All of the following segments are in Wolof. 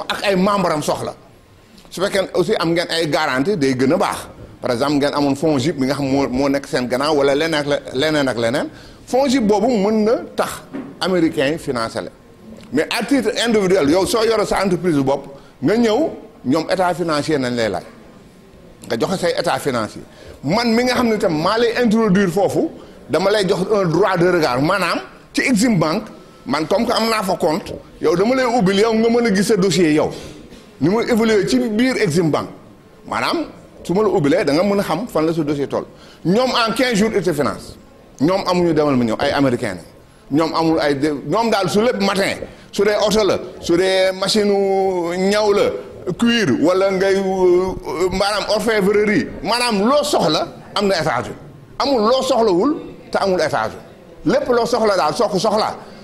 ak ay membres am soxla su fekkee aussi am ngeen ay garantie day gën a baax par exemple ngeen amoon fonds JIP bi nga xam moo moo nekk seen gannaaw wala leneen ak leneen ak leneen fonds JIP boobu mën na tax américains yi financé la mais à titre individuel yow soo yore sa entreprise bopp nga ñëw ñoom état financier nañ lee laaj nga joxe say état financier man mi nga xam ne tam maa lay introduire foofu dama lay jox un droit de regard maanaam ci Exim Bank man comme que amna fa compte yow dama lay ubbil yow nga meuna gisse dossier yow ni mu évolué ci bir Exim Bank manam su ma la ubbilee da nga meuna xam fan la sa dossier toll ñom en 15 jours ils finance ñom amuñu demal ma ñew ay américain ñom ñoom amul ay ñom dal su lepp matin su dé auto la su dé machine ñaw la cuir wala ngay euh, euh, manam orfèvrerie manam lo soxla amna étage amul lo soxla wul ta amul étage lepp lo soxla dal soo soxla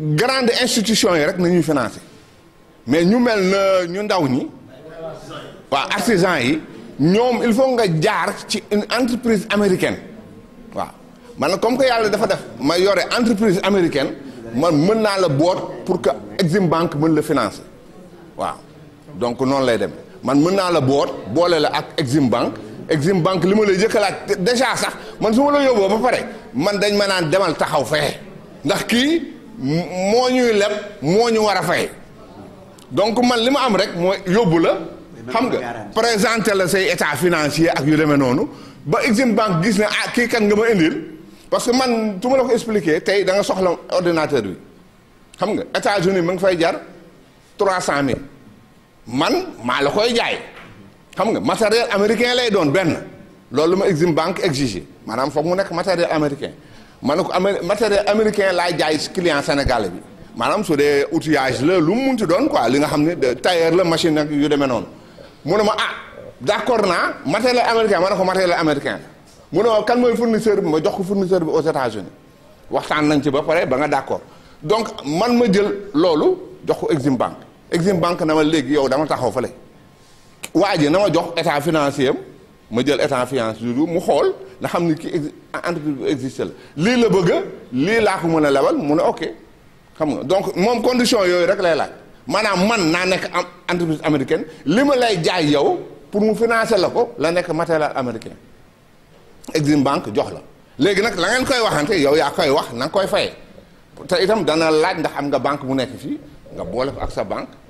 grande institution yi rek nañuy financer mais ñu mel na ñu ndaw ñi wa artisans yi ñom il faut nga jaar ci une entreprise américaine wa man comme que yalla dafa def ma yoré entreprise américaine man mën na la boot pour que Exim Bank mën le financer wa donc non lay dem man mën na la boot bolé la ak Exim Bank Exim Bank li ma lay jëkkalaat déjà sax man suma la yóbboo ba paré man dañ ma naan demal taxaw fé ndax ki moo ñuy leb moo ñu war a fay donc man li ma am rek moo yóbbu la xam nga présenté la say état financier ak yu demee noonu ba Exim Bank gis ne ah kii kan nga ma indil parce que man tu ma la ko expliqué tey danga soxla ordinateur bi xam nga États-Unis ma nga fay jar trois cent mille man maa la koy jaay xam nga matériel américain lay doon benn loolu ma Exim Bank exigé maanaam foog mu nekk matériel américain ma ne ko amé matériel américain laa jaay si client sénégalais bi maanaam su dee outillage la lu mu munti doon quoi li nga xam ne tailleur la machine ak yu demee noonu mu ne ma ah d' accord naa matériel américain ma ne ko matériel américain la mu ne ma kan mooy fournisseur bi ma jox ko fournisseur bi aux États-Unis waxtaan nañ ci ba pare ba nga d' accord donc man ma jël loolu jox ko Exim Bank Exim banque na ma léegi yow dama taxaw fële waa ji na ma jox état financier am ma jël état finance du mu xool na xam ni ki entreprise bu existe la lii la bëgg lii laa ko mën a lebal mu ne ok xam nga donc moom condition yooyu rek lay laaj maanaam man naa nekk am entreprise américaine li ma lay jaay yow pour mu financer la ko la nekk matériel américain Exim Bank jox la léegi nag la ngeen koy waxante yow yaa koy wax na koy fayee te itam dana laaj ndax am nga banque bu nekk fii nga boole ko ak sa banque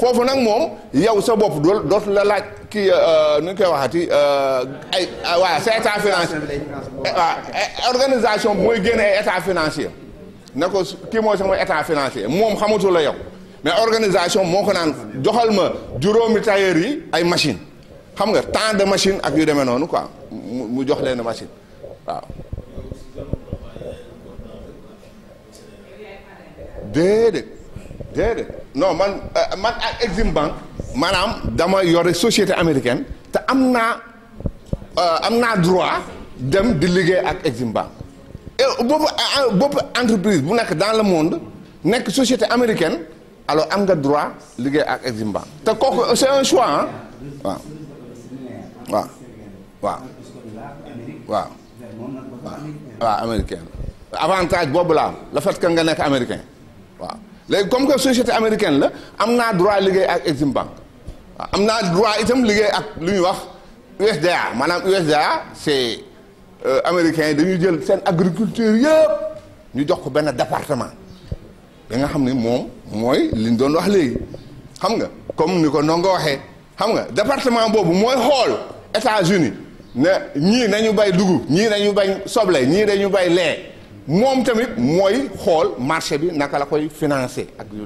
foofu nag moom yow sa bopp dootu la laaj ki euh, euh, nu ñu koy waxati euh, ay ah, waaw sa état financier eh, waaw eh, organisation bi mooy génne ay état financier na ko kii mooy sama état financier moom xamatu la yow mais organisation moo ko naan joxal ma juróomi tailleur yi ay machine xam nga temps de machine ak yu demee noonu quoi mu jox leen machine waaw déedéet déedéet non man euh, man à Exim Bank dans société américaine te as le euh, droit de di déléguer ak Exim Bank et euh, entreprise dans le monde que société américaine alors am le droit déléguer à Exim Bank c'est un choix Hein? Oui. Oui. américaine avantage boobu la le fait que américain léegi comme que société américaine la am naa droit liggéey ak Exim Bank am naa droit itam liggéey ak lu ñuy wax USDA maanaam USDA c'est euh, américains yi dañuy jël seen agriculture yëpp ñu jox ko benn département danga xam ni moom mooy liñ doon wax léegi xam nga comme ni ko ndongo waxee xam nga département boobu mooy xool États-Unis ne ñii nañu bay dugub ñii nañu bay soble ñii dañu bay lee Moi, tamit mooy xool marché bi nakala koy financer ak yu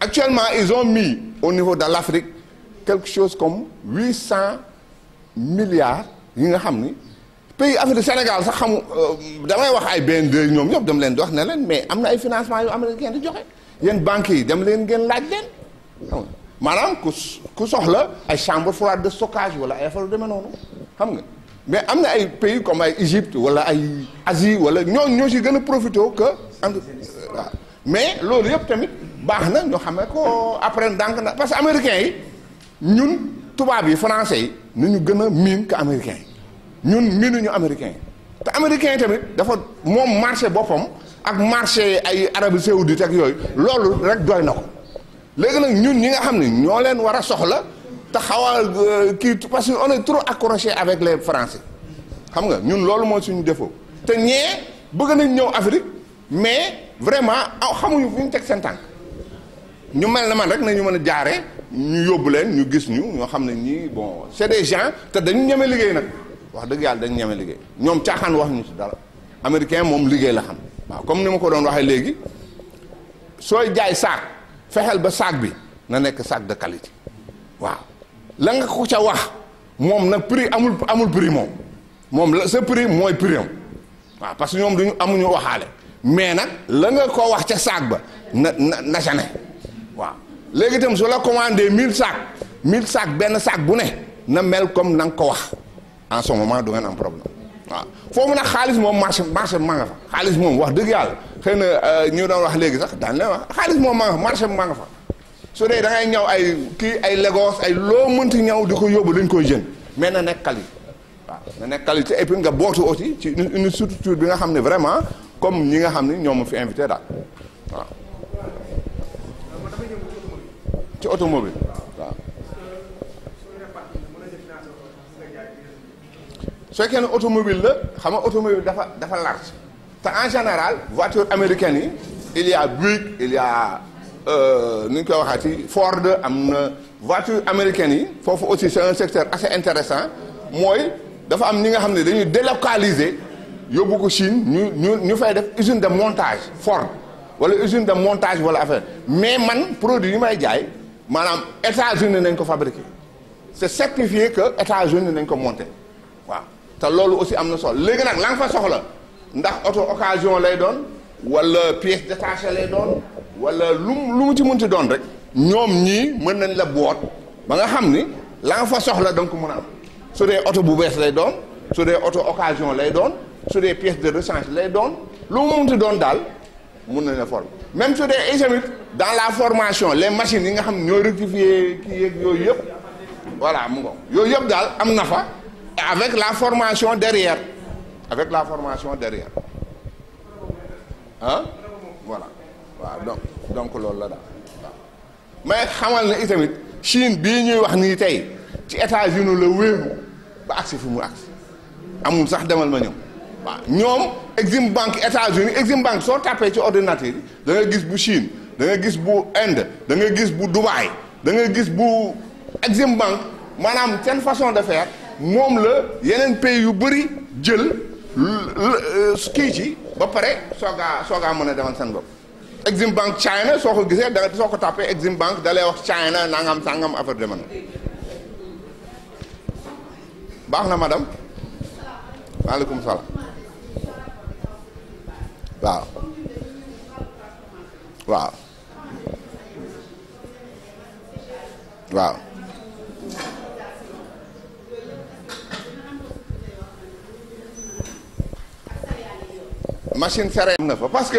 actuellement ils ont mis au niveau de l'Afrique quelque chose comme 800 milliards yi nga xamni pays Afrique Sénégal sax xamu euh, damay wax ay BND ñom ñop dem leen di wax ne leen mais amna ay financement yu américain di joxe yéen banques yi dem leen ngeen laaj leen maanaam ku ku soxla ay chambre froide de stockage wala ay affaire yu demee xam nga mais am na ay pays comme ay Égypte wala ay Asie wala ñoo ñoo si gën a profité que entre euh, waaw mais loolu yëpp tamit baax na ñoo xamee ko après ndànk na parce que américains yi ñun tubaab yi français yi nu ñu gën a miin que américains yi ñun miinuñu américains yi te américains tamit dafa moom marché boppam ak marché ay Arabie Saoudite ak yooyu loolu rek doy na ko léegi nag ñun ñi nga xam ne ñoo leen war a soxla taxawal euh, ki parce que on est trop accroché avec les Français xam nga ñun loolu mooy suñu défaut te ñee bëgg nañ ñëw Afrique mais vraiment ah, xamuñu fu ñu teg seen tànk ñu mel na man rek nañu mën a jaare ñu yóbbu leen ñu gis ñu ñoo xam ne ñii bon c'est des gens te dañu ñeme liggéey nag wax dëgg yàlla dañu ñeme liggéey ñoom caaxaan wax ñu ci dara américain moom liggéey la xam waaw comme ni ma ko doon waxee léegi sooy jaay saak fexeel ba saak bi na nekk saak de qualité waaw la nga ko ca wax moom nag prix amul amul prix moom moom la sa prix mooy prix am waaw parce que ñoom duñu amuñu waxaale mais nag la nga ko wax ca saak ba na na na ca ne waaw léegi tam su la commandé mille saag mille saag benn saak bu ne na mel comme na nga ko wax en ce moment du ngeen am problème waaw foofu nag xaalis moom marché marché maa nga fa xaalis moom wax dëgg yàlla xëy na euh, ñu doon wax léegi sax daan leen wax xaalis moom maa nga fa marché maa nga fa. su da ngay ñaw ay ki ay Lagos ay lo mënti ñaw diko ko yóbbu koy jën mais na nekk qualité na nekk qualité et puis nga botu aussi ci une structure bi nga xam vraiment comme ñi nga xam ne ñoom fi invité daal ci automobile waaw. su fekkee ne automobile la xam nga automobile dafa dafa large te en général voiture américaine yi il y a Buick il y a. Euh, nu ñu Ford une voiture américaine yi aussi c'est un secteur assez intéressant Moi, dafa am à nga délocaliser yóbbu ko Chine ñu ñu ñu fay def usine de montage Ford wala usine de montage voilà. affaire mais man produit yi may jaay maanaam États-Unis nañ ko fabriqué c'est certifié que États-Unis nañ ko monté Voilà. te aussi amener ça, les léegi nag la nga fa soxla ndax auto occasion lay doon wala pièce détachée lay donne wala lu lu mu ci mënti doon rek ñoom ñi mën nañ la boot ba nga xam ni la nga fa soxla da nga ko mën a am su dee oto bu bees lay doon su dee oto occasion lay doon su dee pièce de rechange lay doon lu mu mënti doon daal mun nañ la forme même su dee itamit dans la formation les machines yi nga xam ñooy rectifier kii yeeg yooyu yëpp voilà mu ngoog yooyu yëpp daal am na fa avec la formation derrière avec la formation derrière ah waaw donc donc loolu la daal waaw mais xamal ne itamit Chine bii ñuy wax nii tey ci États-Unis la wéeru ba agsi fi mu agsi amul sax demal ma ñëw waaw ñoom Exim Bank États-Unis Exim Bank soo tàppee ci ordinateur yi da nga gis bu Chine da nga gis bu Inde da nga gis bu Dubaï da nga gis bu Exim Bank maanaam seen façon de faire moom la yeneen pays yu bëri jël euh, kii ci ba pare soogaa soogaa mën a demal seen bopp exim bank china soo ko gisee da soo ko tapé exim bank dalay wax china nangam sangam affaire de man baxna madam wa Wow. Wow. waaw waaw waaw machine sere na parce que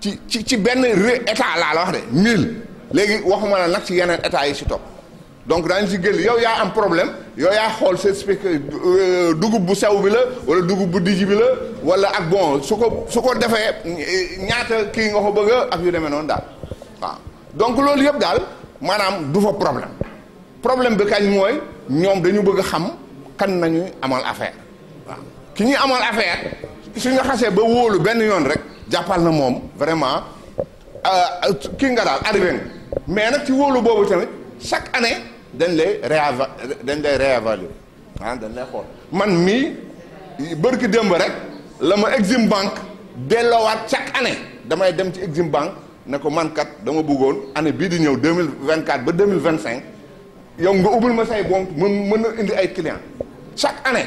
ci ci ci ben ré état la la wax de mille léegi waxuma la nak ci yenen état yi ci top donc dañ ci gël yow ya am problème yow ya xol ce speaker euh, dugub bu sew bi la wala dugub bu dijj bi la wala ak bon su ko defé euh, ñaata ki nga ko bëgg ak yu demee non dal wa donc loolu yeb dal manam du fa problème problème bi kañ moy ñom dañu bëgg xam kan nañu amal affaire wa ki ñi amal affaire suñu xasse ba wolu ben yoon rek. jàppal na moom vraiment euh, euh, kii nga daal arrivé nga mais nag ci wóolu boobu tamit chaque année dañ lay réava dañ lay réévaluer ah dañ lay xool man mii bërki démb rek la ma Exim Banque delloowaat chaque année damay dem ci Exim Banque ne ko man dama buggoon année bii di ñëw deux mille vingt quatre ba deux mille vingt cinq yow nga ubbil ma say bon mën mën a indi ay clients chaque année.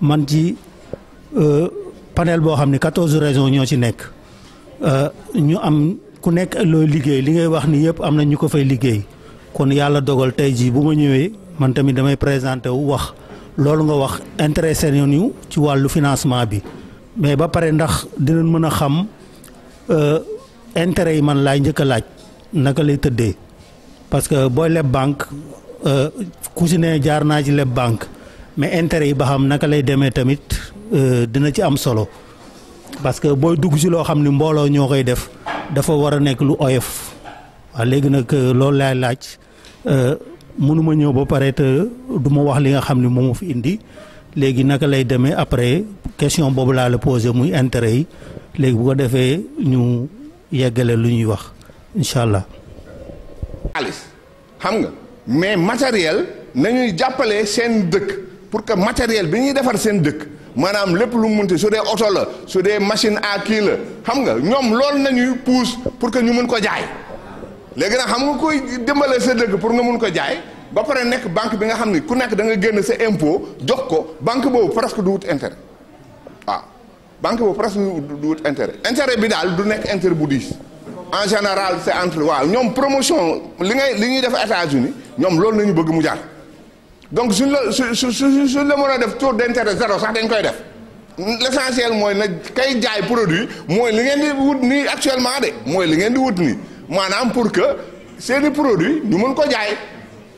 man ci euh, panel boo xam ne quatorze régions ñoo ci nekk euh, ñu am ku nekk looy liggéey li ngay wax ni yëpp am na ñu ko fay liggéey kon yàlla dogal tey jii bu ma ñëwee man tamit damay présenté wu wax loolu nga wax intéressé nañu ci wàllu financement bi mais ba pare ndax dinañ mën a xam euh, intérêt yi man laay njëkk a laaj naka lay tëddee parce que booy leb banque ku si ne jaar naa ci leb banque. mais intérêt yi ba xam naka lay demee tamit euh, dina ci am solo parce que booy dugg ci loo xam ni mbooloo ñoo koy def dafa war a nekk lu oyof waaw léegi nag euh, loolu laay laaj euh, mënuma ñëw ba pare du ma wax li nga xam ni moo ma fi indi léegi naka lay demee après question boobu laa la posé muy intérêt yi léegi bu ko defee ñu yeggalee lu ñuy wax incha allah. xaalis xam nga mais matériel nañuy jàppale seen dëkk. pour que matériel bi ñuy defar seen dëkk maanaam lépp lu mu munti su dee oto la su dee machine à kii la xam nga ñoom loolu nañuy pousse pour que ñu mun ko jaay léegi nag xam nga koy dimbale sa dëkk pour nga mun ko jaay ba pare nekk banque bi nga xam ne ku nekk da génn sa impôt jox ko banque boobu presque du wut intérêt waaw banque boobu presque du wut intéret intérêt bi daal du nekk intérêt bu diis en général c'est entre waaw ñoom promotion li ngay li ñuy def États-Unis ñoom loolu la ñu bëgg mu jaar donc suñ su su su suñ la mën a def taux d'intérêt zéro sax dañ koy def l'essentiel mooy na kay jaay produit mooy li ngeen di wut nii actuellement de mooy li ngeen di wut nii maanaam pour que seeni produit ñu mën ko jaay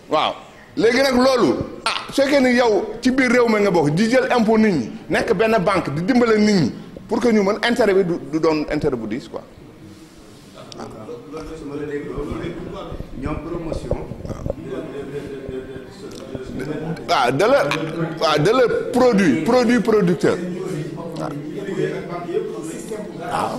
waaw léegi nag loolu ah su fekkee yow ci biir réew mi nga bokk di jël impôt nit ñi nekk benn banque di dimbale nit ñi pour que ñu mën intérêt bi du doon intérêt bu diis quoi Ah, de leur ah, de leur produit produit producteur Ah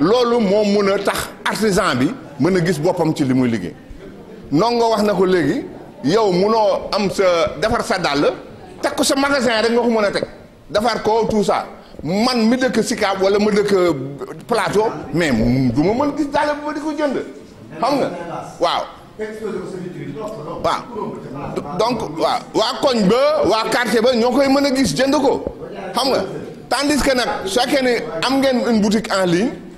loolu moo mun a tax artisan bi mën a gis boppam ci li muy liggéey nongo wax na ko léegi yow munoo am sa defar sa dàll teg ko sa magasin rek nga ko mën a teg defar ko tousa man mi dëkk Sicap wala ma dëkk Plateau mais du ma mën gis dàll ba di ko jënd xam nga waaw waaw donc waa koñ ba waa quartier ba ñoo koy mën a gis jënd ko xam nga tandis que nag su fekkee ne am ngeen une boutique en ligne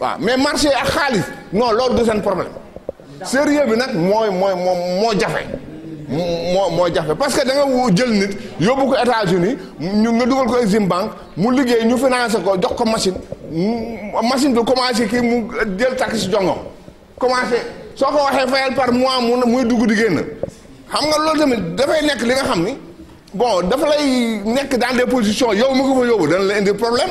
waaw mais marché ak xaalis non loolu du seen problème sérieux bi nag mooy mooy moom moo jafe moo moo jafe parce que da nga jël nit yóbbu ko États-Unis ñu nga dugal ko Exim banque mu liggéey ñu financé ko jox ko machine machine bi commencé kii mu jël takk jongo jongom commencé soo ko waxee fayal par mois mu muy dugg di génn xam nga loolu tamit dafay nekk li nga xam ni bon dafa lay nekk dans des positions yow mu ko fa yóbbu dana la indi problème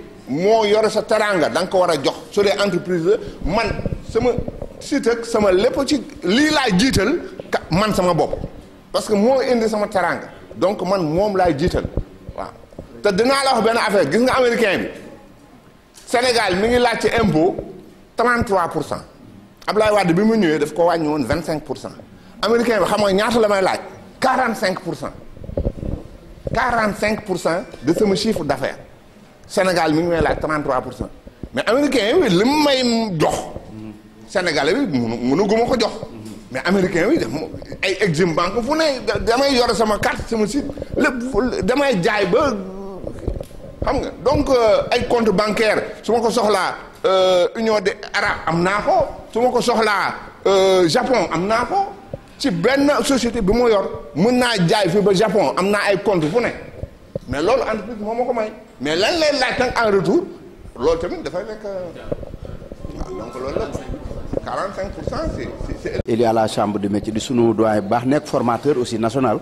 moo yore sa teraanga da nga ko war a jox su dee entreprise man sama site sama lépp ci lii laay jiital ka man sama bopp parce que moo indi sama teraanga donc man moom laay jiital waaw te dinaa la wax benn affaire gis nga américain bi Sénégal mi ngi laaj ci impôt 33 pour cent Ablaye Wade bi mu ñëwee daf ko wàññi woon 25 pour cent américain bi xam nga ñaata la may laaj cinq pour cent quarante cinq pour cent de sama chiffre d'affaires Sénégal mi ngi may laaj 33 pour cent mais américain bi li mu may jox. Sénégalais bi munu munu guma ko jox. mais américain bi ay Exim banque fu ne damay yor sama carte sama site lépp damay jaay ba xam euh, ay compte bancaire su ma ko soxlaa euh, Union de Arabes am naa ko su ma ko soxlaa euh, Japon am naa ko ci benn société bi ma yor mën naa jaay fii ba Japon am naa ay compte fu ne. mais loolu entreprise moom moo ko may mais lan lay laaj en retour loolu tamit dafay la 45 pour cent c'est c'est. il est à la chambre sunu doyen bu nekk formateur aussi national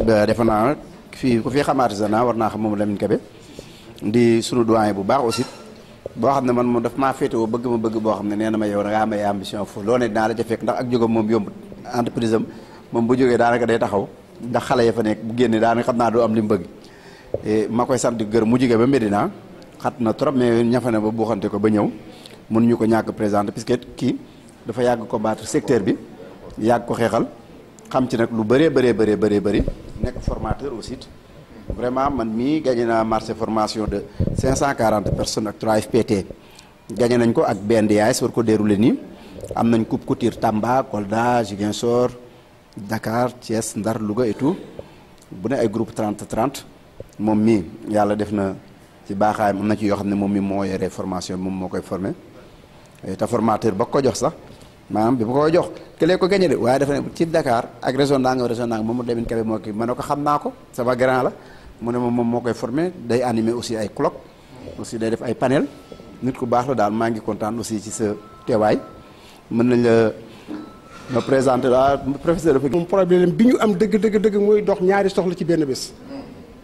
euh, defe naa fii ku fi xam artisanat war naa xam moom Lamine Kébé di sunu doyen bu baax aussi boo xam ne man moom daf maa bëgg boo xam ne nee na ma yow dangaa may ambition foofu loo ne dinaa la ca fekk ndax ak jógam moom yomb entreprise am moom bu jógee daanaka day taxaw ndax xale ya fa nekk bu génne daanaka xam naa doo am li mu bëgg. E, ma koy di geur mu jige ba Medina xat na trop mais ñafa na ba buuxante ko ba ñew mënu ñu ko ñak présenté puisque ki dafa ko battre secteur bi yag ko xeexal xam ci nak lu béré béré béré béré béré nek formateur aussi vraiment man mi gagné na marché formation de 540 personnes ak 3 FPT gagné nañ ko ak BNDAS sur ko déroulé ni am nañ coupe couture Tamba Kolda jigensor Dakar Thiès Ndar Louga et tout bu né ay groupe 30 30 moom mii yàlla def na ci baaxaayam am na ci yoo xam ne moom mii moo yore formation moom moo koy formé te formateur ba ko jox sax maanaam bi mu koy jox këlee ko gañe de waaye dafa ne ci dakaar ak région Ndanga région moom demin kabe moo kii ma ne ko xam naa ko sama grand la mu ne moom moom moo koy formé day animé aussi ay colloque aussi day def ay panel nit ku baax la daal maa ngi kontaan aussi ci sa teewaay mën nañ la ma présenté la professeur dafa moom problème bi ñu am dëgg dëgg dëgg mooy dox ñaari soxla ci benn bés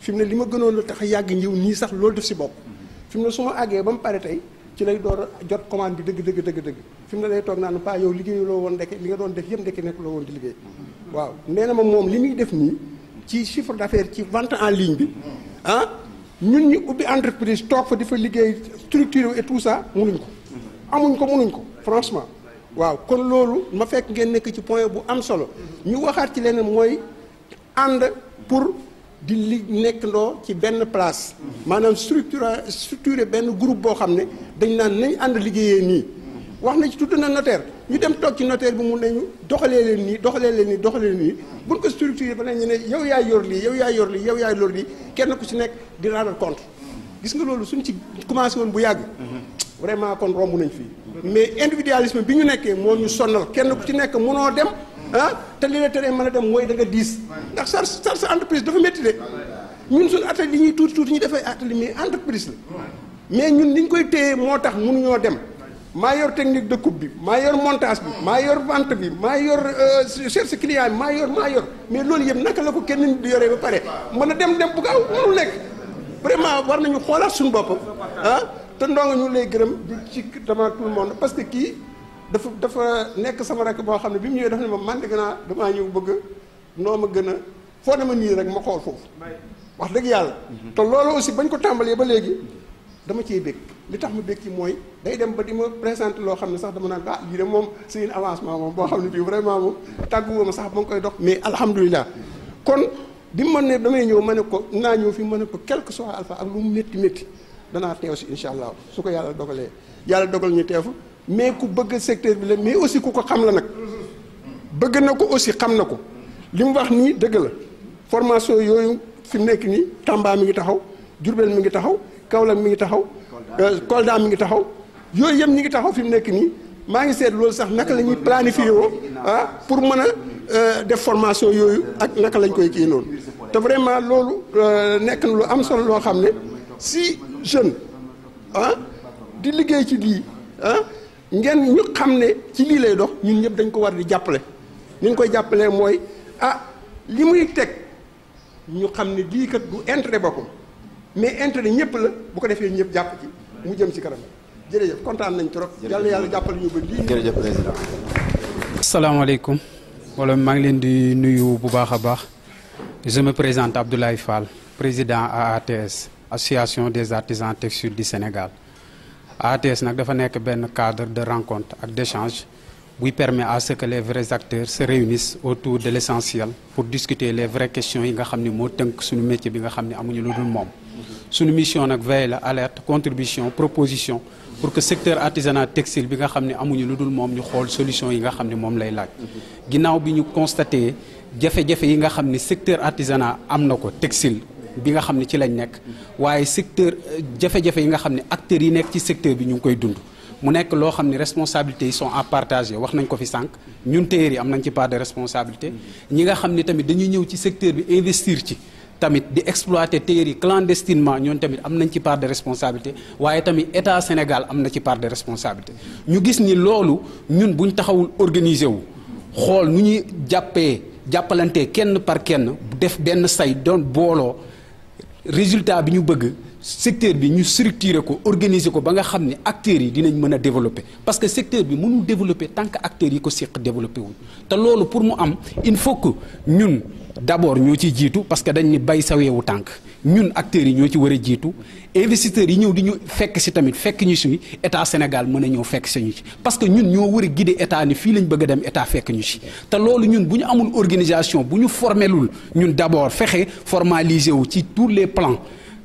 fi mu ne li ma gënoon la tax yàgg njiw nii sax loolu def si bopp fi mu ne su ma àggee ba mu pare tey ci lay door jot commande bi dëgg dëgg dëgg dëgg fi mu ne lay toog naan paa yow liggéeyu loo woon ndeke li nga doon def yëpp ndeke nekk loo woon di liggéey waaw nee na ma moom li muy def nii ci chiffre d'affaires ci vente en ligne bi ah ñun ñu ubbi entreprise toog fa di fa liggéey structure et tout ça munuñ ko amuñ ko munuñ ko franchement waaw kon loolu ma fekk ngeen nekk ci point bu am solo ñu waxaat ci leneen mooy ànd pour di li nekkandoo ci place maanaam structure structuré benn groupe boo xam ne dañ naan nañ ànd liggéeyee nii wax ci tudd notaire ñu dem toog ci notaire bi mu ne ñu leen nii doxalee leen nii doxalee leen nii buñ ko structuré ba ñu ne yow gis nga loolu suñ ci commencé woon bu yàgg. vraiment kon romb nañ fi mais individualisme bi ñu nekkee moo ñu sonal kenn ku ci nekk mënoo dem. ah te li la teree mën a dem mooy da nga diis. ndax sar sar sa entreprise dafa métti de. ñun suñ atelier yi ñuy tuuti tuuti ñu defee atelier mais entreprise la. mais ñun li ñu koy téye moo tax mënuñoo dem. maa yor technique de coupe bi maa yor montage bi maa yor vente bi maa yor euh, cherche client bi maa yor maa yor mais loolu yëpp naka la ko kenn di yoree ba pare mën a dem dem bu gaaw mënul nekk. vraiment war nañu xoolaat suñu bopp ah te ndongo ñu lay gërëm di ci devant tout le monde parce que kii dafa dafa nekk sama rek boo xam ne bi mu ñëwee dafa ne ma man dëgg naa damaa ñëw bëgg noo ma gën a foo ne ma nii rek ma xool foofu wax dëgg yàlla te loolu aussi ba bañ ko tàmbalee ba léegi dama cee bëgg li tax ma bëgg ci mooy day dem ba di ma présenté loo xam ne sax dama naan ah lii de moom c'est un avancement moom boo xam ne bii vraiment moom tàgguwoo ma sax ba nga koy dox mais alhamdulilah bi man nee damay ñëw ma ne ko naa ñëw fi ma ne ko quel que soit alpha ak lu mu métti métti danaa teew si incha allah su ko yàlla dogalee yàlla dogal ñu teew fa mais ku bëgg secteur bi la mais aussi ku ko xam la nag bëgg na ko aussi xam na ko li mu wax nii dëgg la formation yooyu fi nekk nii Tamba mi ngi taxaw Diourbel mi ngi taxaw Kaolack mi ngi taxaw Kolda mi ngi taxaw yooyu yëpp ñi ngi taxaw fi mu nekk nii maa ngi seet loolu sax naka la ñuy planifié woo ah pour mën a euh, def formation yooyu ak naka lañ koy kii noonu te vraiment loolu euh, nekk na lu am solo loo xam ne si jeune ah di liggéey ci lii ah ngeen ñu xam ne ci lii lay dox ñun ñëpp dañ ko war di jàppale ni koy jàppalee mooy ah li muy teg ñu xam ne lii kat du intérêt boppam mais intérêt ñëpp la bu ko defee ñëpp jàpp ci mu jëm ci kanam. jërëjëf kontaan nañ trop. yàlla yàlla jàppale ñu ba lii. jërëjëf président. salaamaaleykum. wala maa ngi leen di nuyu bu baax baax. je me présente Abdoulaye Fall président AATS association des artisans textiles du Sénégal. AATS nag dafa nekk benn cadre de rencontre ak d'échange buy permet à ce que les vrais acteurs se réunissent autour de l'essentiel pour discuter les vraies questions yi nga xam ni moo tënk suñu métier bi nga xam ni amuñu lu dul moom. suñu mission nag veille alerte contribution proposition pour que secteur artisanat textile bi nga xamné amuñu luddul mom ñu xol solution yi nga xamné mom lay laaj ginnaw bi ñu constater jafé jafé yi nga xamné secteur artisanat amna ko textile bi nga xamné ci lañ nek waye secteur jafé jafé yi nga xamné ne acteurs yi nek ci secteur bi ñu koy dund mu nek lo xamné ne responsabilités sont à partager wax nañ ko fi sank ñun téer yi am nañ ci part de responsabilité ñi nga xamné tamit dañuy ñëw ci secteur bi investir ci tamit di exploiter terres clandestinement nous tamit am part de responsabilité Sénégal part de responsabilité ñu gis ni organiser wu kenn par kenn def benn say résultat bi ñu secteur bi ñu organiser ko ba nga acteurs yi développer parce que secteur bi mënul développer tant que acteurs yi ko développer pour mu il faut que ñun d'abord ñoo dit tout parce que dañ ni bay saweewu Nous, ñun acteurs yi ñoo ci Nous jitu investisseurs yi fait di ñu fekk ci tamit fekk ñu et état Sénégal mëna a fekk ci parce que ñun ñoo Nous guider état ni bëgg dem état fekk ñu si ñun amul organisation formelul d'abord nous formaliser tous les plans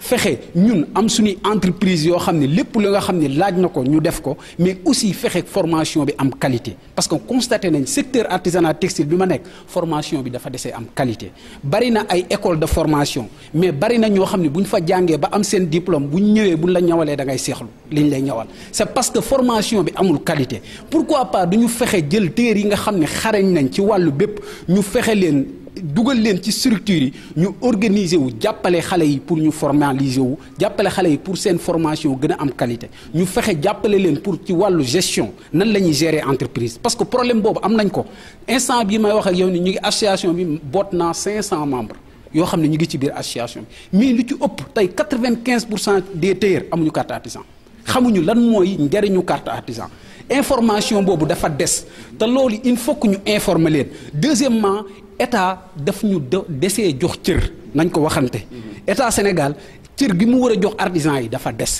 fexé ñun am suñu entreprise yo xam lepp li nga xam laaj nako ñu def ko mais aussi fexé formation bi am qualité parce que constaté nañ secteur artisanat textile bima nek formation bi dafa déssé am qualité bari na ay école de formation mais bari na ñoo xam buñ fa jangé ba am sen diplôme buñ ñëwé buñ la ñawalé da ngay seexlu liñ lay ñawal c'est parce que formation bi amul qualité pourquoi pas duñu fexé jël téer yi nga xam xarañ nañ ci walu bép ñu fexé len dugal len ci structure yi ñu organiser wu jàppale xalé yi pour ñu formaliser wu jàppale xalé yi pour seen formation gëna am qualité ñu fexé jàppale len pour ci walu gestion nan lañuy gérer entreprise parce que problème bobu am nañ ko instant bi may wax ak yow ni ñu ngi association bi bot na 500 membres yo xam ne ñu ngi ci biir association bi mais lu ci upp tay 95 pour cent des tailleurs amuñu carte artisan xamuñu lan mooy njëriñu carte artisan information bobu dafa des te loolu il faut que ñu informer len deuxièmement état daf ñu desee jox cër nañ ko waxante état Sénégal cër gi mu war a jox artisan yi dafa des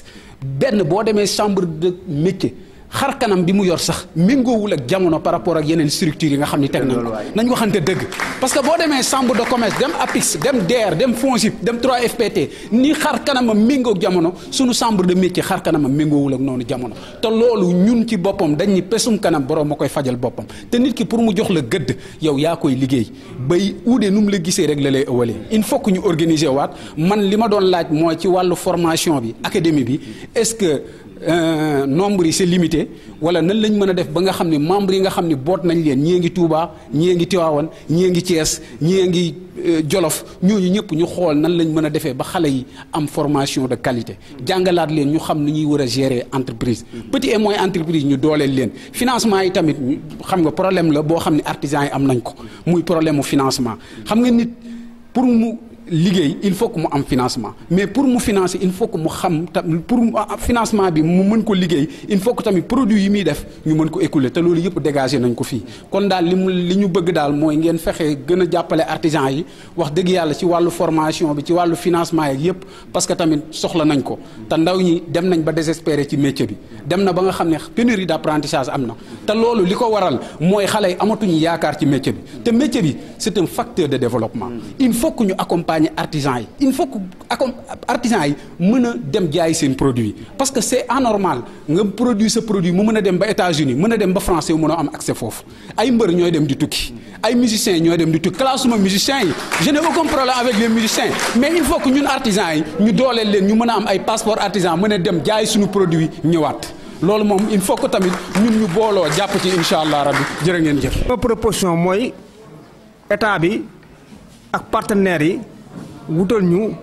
benn boo demee chambre de métier xar kanam bi mu yor sax méngoowul ak jamono par rapport ak yeneen structures yi nga xam ni teg nañ ko nañ waxante dëgg parce que boo demee chambre de commerce dem APIX dem DER dem FONGIP dem 3FPT ni xar kanamam méngoog jamono suñu chambre de métier xar kanamam méngoowul ak noonu jamono te loolu ñun ci boppam dañ ni pesum kanam boroom ma koy fajal boppam te nit ki pour mu jox la gëdd yow yaa koy liggéey bay uude nu mu la gisee rek la lay ëwalee il faut que ñu organiser waat man li ma doon laaj mooy ci wàllu formation bi académie bi est-ce que Euh, nombre yi c'est limité wala nan lañ mën a def ba nga xam ne membre yi nga xam ni boot nañ leen ñii ngi Touba ñii ngi Tiwaawan ñii ngi Thiès ñii ngi euh, Jolof ñooñu ñëpp ñu xool nan lañ mën a defee ba xale yi am formation de qualité jàngalaat leen ñu xam ni ñuy war a gérer entreprise petit et moyen entreprise ñu dooleel leen financement yi tamit xam nga problème la boo xam ne artisans yi am nañ ko muy problème mu financement xam nga nit pour mu liggéey il faut que mu am financement mais pour mu financer il faut que mu xam pour ah, financement bi mu meun ko liggéey il faut que tamit produit yi muy def ñu meun ko écouler te lolu yépp dégager nañ ko fi kon dal li mu bëgg dal moy ngeen fexé gëna jappalé artisan yi wax dëgg yàlla ci walu formation bi ci walu financement yeeg yëpp parce que tamit soxla nañ ko te ndaw ñi dem nañ ba désespéré ci métier bi dem na ba nga xam pénurie d'apprentissage amna na te loolu li waral moy xalé amatuñu yaakar ci métier bi te métier bi c'est un facteur de développement il faut que ñu accompagner accompagner artisans il faut que artisans yi dem jaay seen produit parce que c'est anormal nga produit ce produit mu mën dem ba États-Unis mën a dem ba france yu a am accès foofu ay mbeur ñoy dem di tukki ay musiciens ñoy dem di tukki classuma musiciens je n'ai aucun problème avec les musiciens mais il faut que ñun artisans ñu dooleel leen ñu mën am ay passeport artisan mën dem jaay suñu produit ñëwaat loolu moom il faut que tamit ñun ñu booloo jàpp ci incha allah rabbi jërë ngeen jëf. ma proposition mooy état bi ak partenaires yi wutal ñu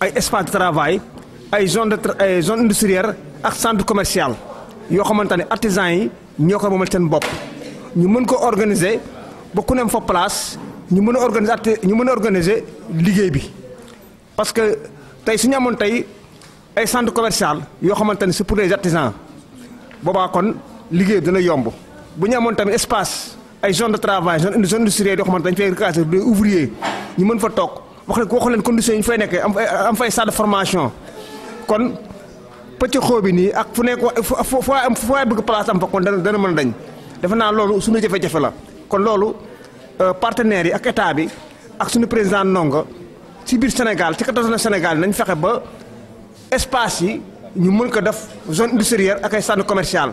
ay espace de travail ay zone de ay zone industrielle ak centre commercial yo xamantani ne artisans yi ñoo ko moomal seen ñu mën ko organiser ba ku ne fa place ñu mën organiser ñu mën organiser liguey bi parce que tay suñu amon tay ay centre commercial yo xamantani c'est pour les artisans boba kon liguey bi dana yomb bu ñu amon tamit espace ay zone de travail zone zone industrielle yo xamantani dañu fay recasé des ouvriers ñu mën fa tok wax leen waxu leen yi ñu fay nekk am am fay stade de formation kon petit xoo bi nii ak fu nekk foo foo am foo bëgg place am fa kon dana dana mën a dañ defe naa loolu suñu jafe-jafe la kon loolu euh, partenaires yi ak état bi ak suñu président ndongo ci biir Sénégal ci kattan Sénégal nañ fexe ba espace yi ñu mën ko def zone industrielle ak ay centre commercial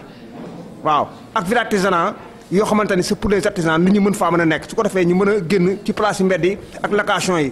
waaw ak village artisanal yoo xamante ni c'est pour les artisans nit ñi mën faa mën a nekk su ko defee ñu mën a génn ci place yu mbedd yi ak location yi.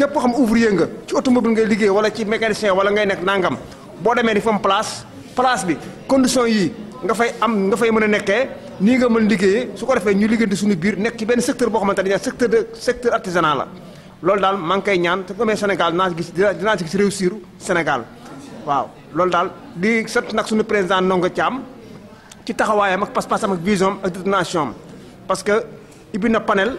képp xam ouvrier nga ci automobile ngay liggéey wala ci mécanicien wala ngay nekk nangam boo demee di fam place place bi condition yi nga fay am nga fay mën a nekkee nii nga mën liggéeyee su ko defee ñu liggéeyante suñu biir nekk ci benn secteur boo xamante ne secteur de secteur artisanal la loolu daal maa ngi koy ñaan te amee Sénégal dinaa gis dinaa gis réussir Sénégal waaw loolu daal di sant nag suñu président Ndongo Thiam ci taxawaayam ak pas-pasam ak vision ak détermination parce que ibi na panel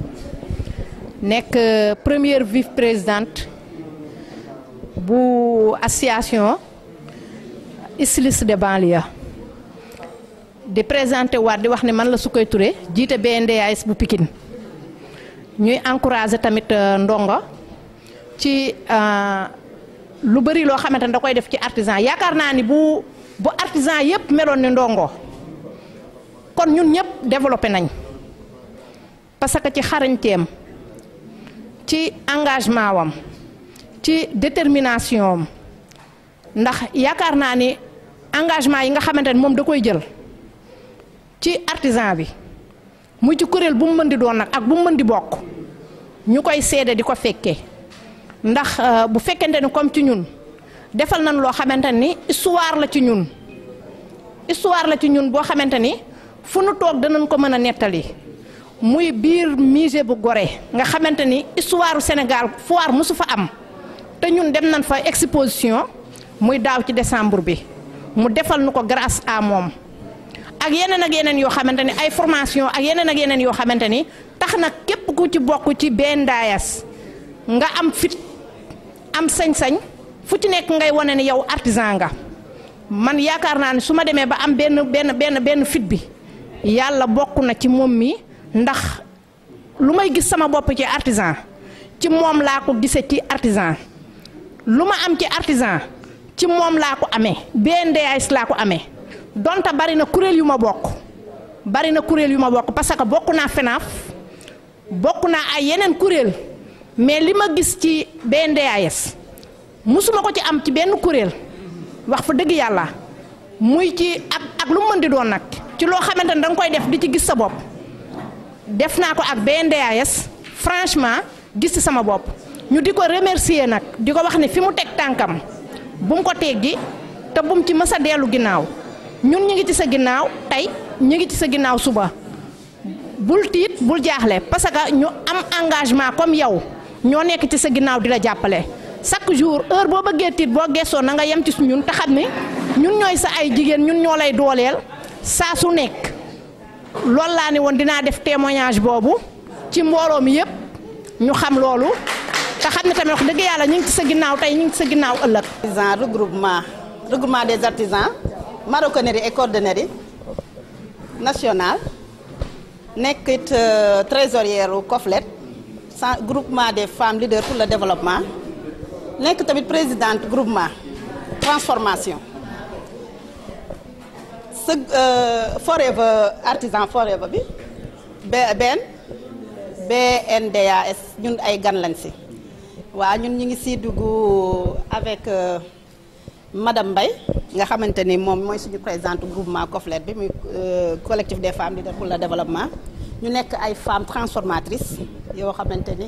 la euh, première vice présidente de association de l'association de présenté waat di wax man la BNDAS bu Pikine ñuy tamit euh, ndongo ci euh, lu da koy def ci artisan yakarna ni bu bu artisan yépp train ndongo kon ñun que ci engagement wam ci détermination am ndax yaakaar naa ni engagement yi nga xamante ni moom da koy jël ci artisan bi muy ci kuréel bu mu mën di doon nag ak bu mu mën di bokk ñu koy seede di ko fekkee ndax euh, bu fekkente ni comme ci ñun defal nañ loo xamante ni histoire la ci ñun histoire la ci ñun boo xamante ni fu nu toog danañ ko mën a nettali. muy biir musée bu gore nga xamante ni histoire Sénégal foire mosu fa am te ñun dem nañ fa exposition muy daaw ci décembre bi mu defal nu ko grâce à moom ak yeneen ak yeneen yoo xamante ni ay formation ak yeneen ak yeneen yoo xamante ni tax na képp ku ci bokk ci benn daayas nga am fit am sañ-sañ fu ci nekk ngay wane ni yow artisan nga man yaakaar naa ne su ma demee ba am benn benn benn benn fit bi yàlla bokk na ci moom mi ndax lu may gis sama bopp ci artisan ci moom laa ko gise ci artisan lu ma am ci artisan ci moom laa ko amee BNDAS laa ko amee donte bari na kuréel yu ma bokk bari na kuréel yu ma bokk parce que bokk naa FENAF bokk naa ay yeneen kuréel mais li ma gis ci BNDAS musuma ko ci am ci benn kuréel wax fa dëgg yàlla muy ci ak ak lu mu mën di doon nag ci loo xamante ne danga koy def di ci gis sa bopp. def naa ko ak BNDAS franchement gis ci sama bopp ñu di ko remercier nag di ko wax ne fi mu teg tànkam bu mu ko teggi te bu ci mës a dellu ginnaaw ñun ñu ngi ci sa ginnaaw tey ñu ngi ci sa ginnaaw suba bul tiit bul jaaxle parce que ñu am engagement comme yow ñoo nekk ci sa ginnaaw di la jàppale chaque jour heure boo bëggee tiit boo geesoo na nga yem ci ñun te xam ne ñun ñooy sa ay jigéen ñun ñoo lay dooleel saa su nekk. loolu laa ne woon dinaa def témoignage bobu ci mbooloo yépp ñu xam loolu te xam ne tamit wax dëgg yàlla ñu ngi ci sa ginnaaw tey ñu ngi ci sa ginnaaw ëllëg. artisan regroupement regroupement des artisans marocanerie et cordonnerie national nekk it euh, trésorière u COFLET groupement des femmes leaders pour le développement nekk tamit présidente groupement transformation ce euh, forever artisan forever bi BN ben, BNDAS ñun ay gan lañ nous wa ñun ñu ngi avec euh, madame Bay nga xamanteni mom moy suñu présidente groupement groupe bi muy euh, collectif des femmes de pour le développement ñu sommes ay femmes transformatrices nous xamanteni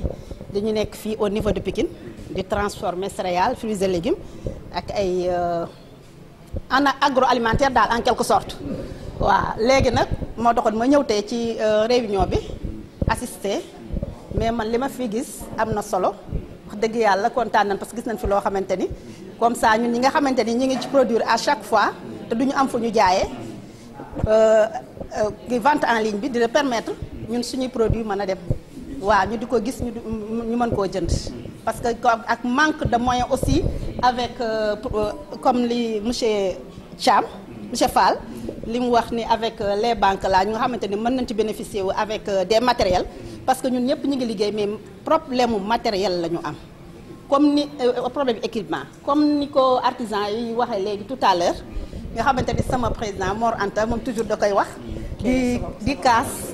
dañu nek fi au niveau de Pikine di transformer céréales fruits et légumes ak ay en agroalimentaire daal en quelque sorte Wa, léegi nag moo doxoon ma ñëw tey ci euh, réunion bi assister mais man li ma fi gis am na solo wax dëgg yàlla kontaan nañ parce que gis nañ fi loo xamante comme ça ñun ñi nga xamante ni ñu ngi ci produire à chaque fois te du ñu am fu ñu jaayee euh, euh, vente en ligne bi dina permettre ñun suñuy produit mën a waaw ñu di gis ñu ñu mën gens jënd parce que ak manque de moyens aussi avec euh, euh comme li monsieur Cham monsieur Fall les mu wax ni avec euh, les banques là ñu avons xamante ni ci bénéficier avec euh, des matériels parce que ñun n'y a ngi liggéey mais problème matériel là nous am comme ni problème équipement comme ni ko artisan yi waxee léegi tout à l'heure nga avons ni sama président Mor Anta moom toujours da koy wax di di kaas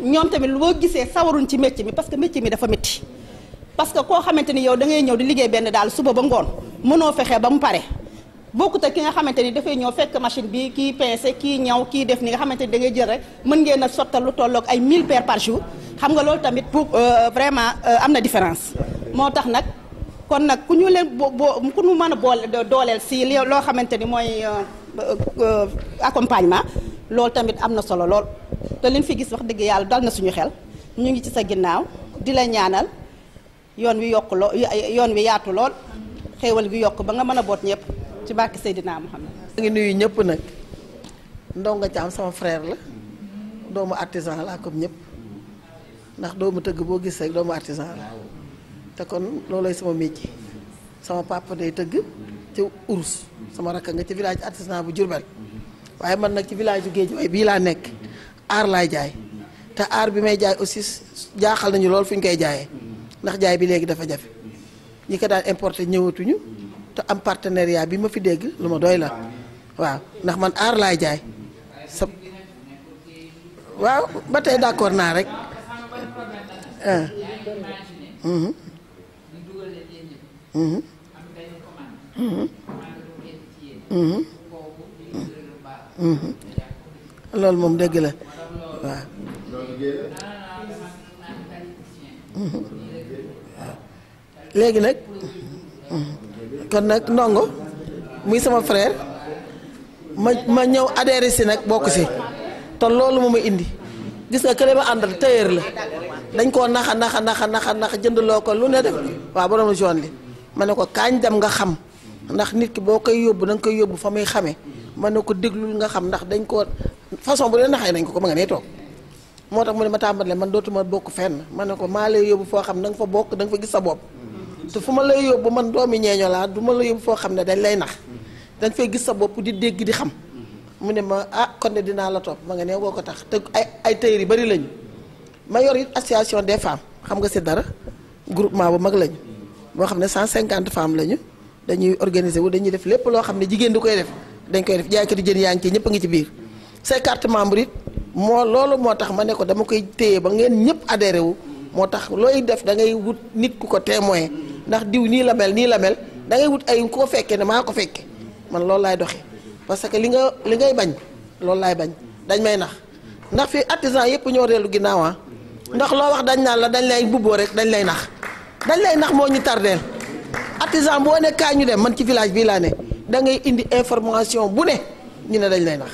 ñom tamit boo gisé sawaruñ ci métier mi parce que métier mi dafa metti parce que ko xamanteni yow da ngay ñew di liggéey benn dal suba ba ngon mëno fexé ba mu pare bokku ta ki nga xamanteni da fay ñew fekk machine bi ki pincé ki ñaw ki def ni nga xamanteni da ngay jël rek mën ngeen na sotal lu tollok ay 1000 paires par jour xam nga lool tamit pour euh, vraiment euh, amna na différence motax nak kon nak ku ñu leen bo ku ñu mëna bol dolel si lo xamanteni moy euh, accompagnement lool tamit amna solo lool te liñ fi gis wax deug yalla dal na suñu xel ñu ngi ci sa ginnaw di la ñaanal yoon wi yok lo yoon wi yaatu lol xewal gi yok ba nga mëna bot boot ci barke sayidina Muhammad ngi nuyu ñëpp nak ndonga caam sama frère la doomu artisan la ko ñëpp ndax doomu teug bo gis rek doomu artisan la te kon lolay sama métier sama papa day teug ci urus sama rakk nga ci village artisan bu Diourbel waye man nak ci village bu aar laay jaay te aar bi may jaay aussi jaaxal nañu loolu fu ñu koy jaayee ndax jaay bi léegi dafa jafe ñi ko daan importé ñëwatuñu te am partenariat bi ma fi dégg lu ma doy la waaw ndax man aar laay jaay sa waaw ba tey d'accord naa rek ah. mhm. Mhm. Mhm. loolu moom dégg la léegi nak kon nak ndongo muy sama frère ma ma ñew adhéré ci nak bokku ci te loolu moo ma indi gis nga kële ba andal tayer la dañ koo naxa naxa naxa naxa naxa jëndaloo ko lu ne def wa borom joon li ma ne ko kaañ dem nga xam ndax nit ki bokay yobbu yóbbu da nga koy yóbbu fa muy xamee ma ko déglul nga xam ndax dañ ko façon bu le naxay nañ ko ko ma nga nee toog moo tax ne ma man dotuma bokk fenn ma ko lay yobbu fo xam da fa bokk da fa gis sa bopp te fuma ma lay yóbbu man doomi ñeeño la duma ma la fo xamne dañ lay nax dañ fay gis sa bop di dégg di xam mune ma ah kon ne dina la top ma nga ne woo tax te ay ay tayër yu bari lañ ma yor it association des femmes xam nga ci dara groupement bu mag lañ bo xamne 150 femmes lañu dañuy organiser wu dañuy def lepp lo xamne jigen du koy def dañ koy def jaaykati jën yaa ngi ci ñepp nga ci biir say carte membre it mo lolu motax ma ne ko dama koy téye ba ngeen ñepp adhéré wu motax loy def da ngay wut nit ku ko témoin ndax diw nii la mel nii la mel da ngay wut ay ku ko fekkee ne maa ko fekke man loolu laay doxe parce que li nga li ngay bañ loolu laay bañ dañ may nax ndax fii artisan yëpp ñoo reelu ginnaaw ah. ndax loo wax dañ naa la dañ lay bubboo rek dañ lay nax dañ lay nax moo ñu tardeel artisan boo ne kaay ñu dem man ci village bii laa ne dangay indi information bu ne ñu ne dañ lay nax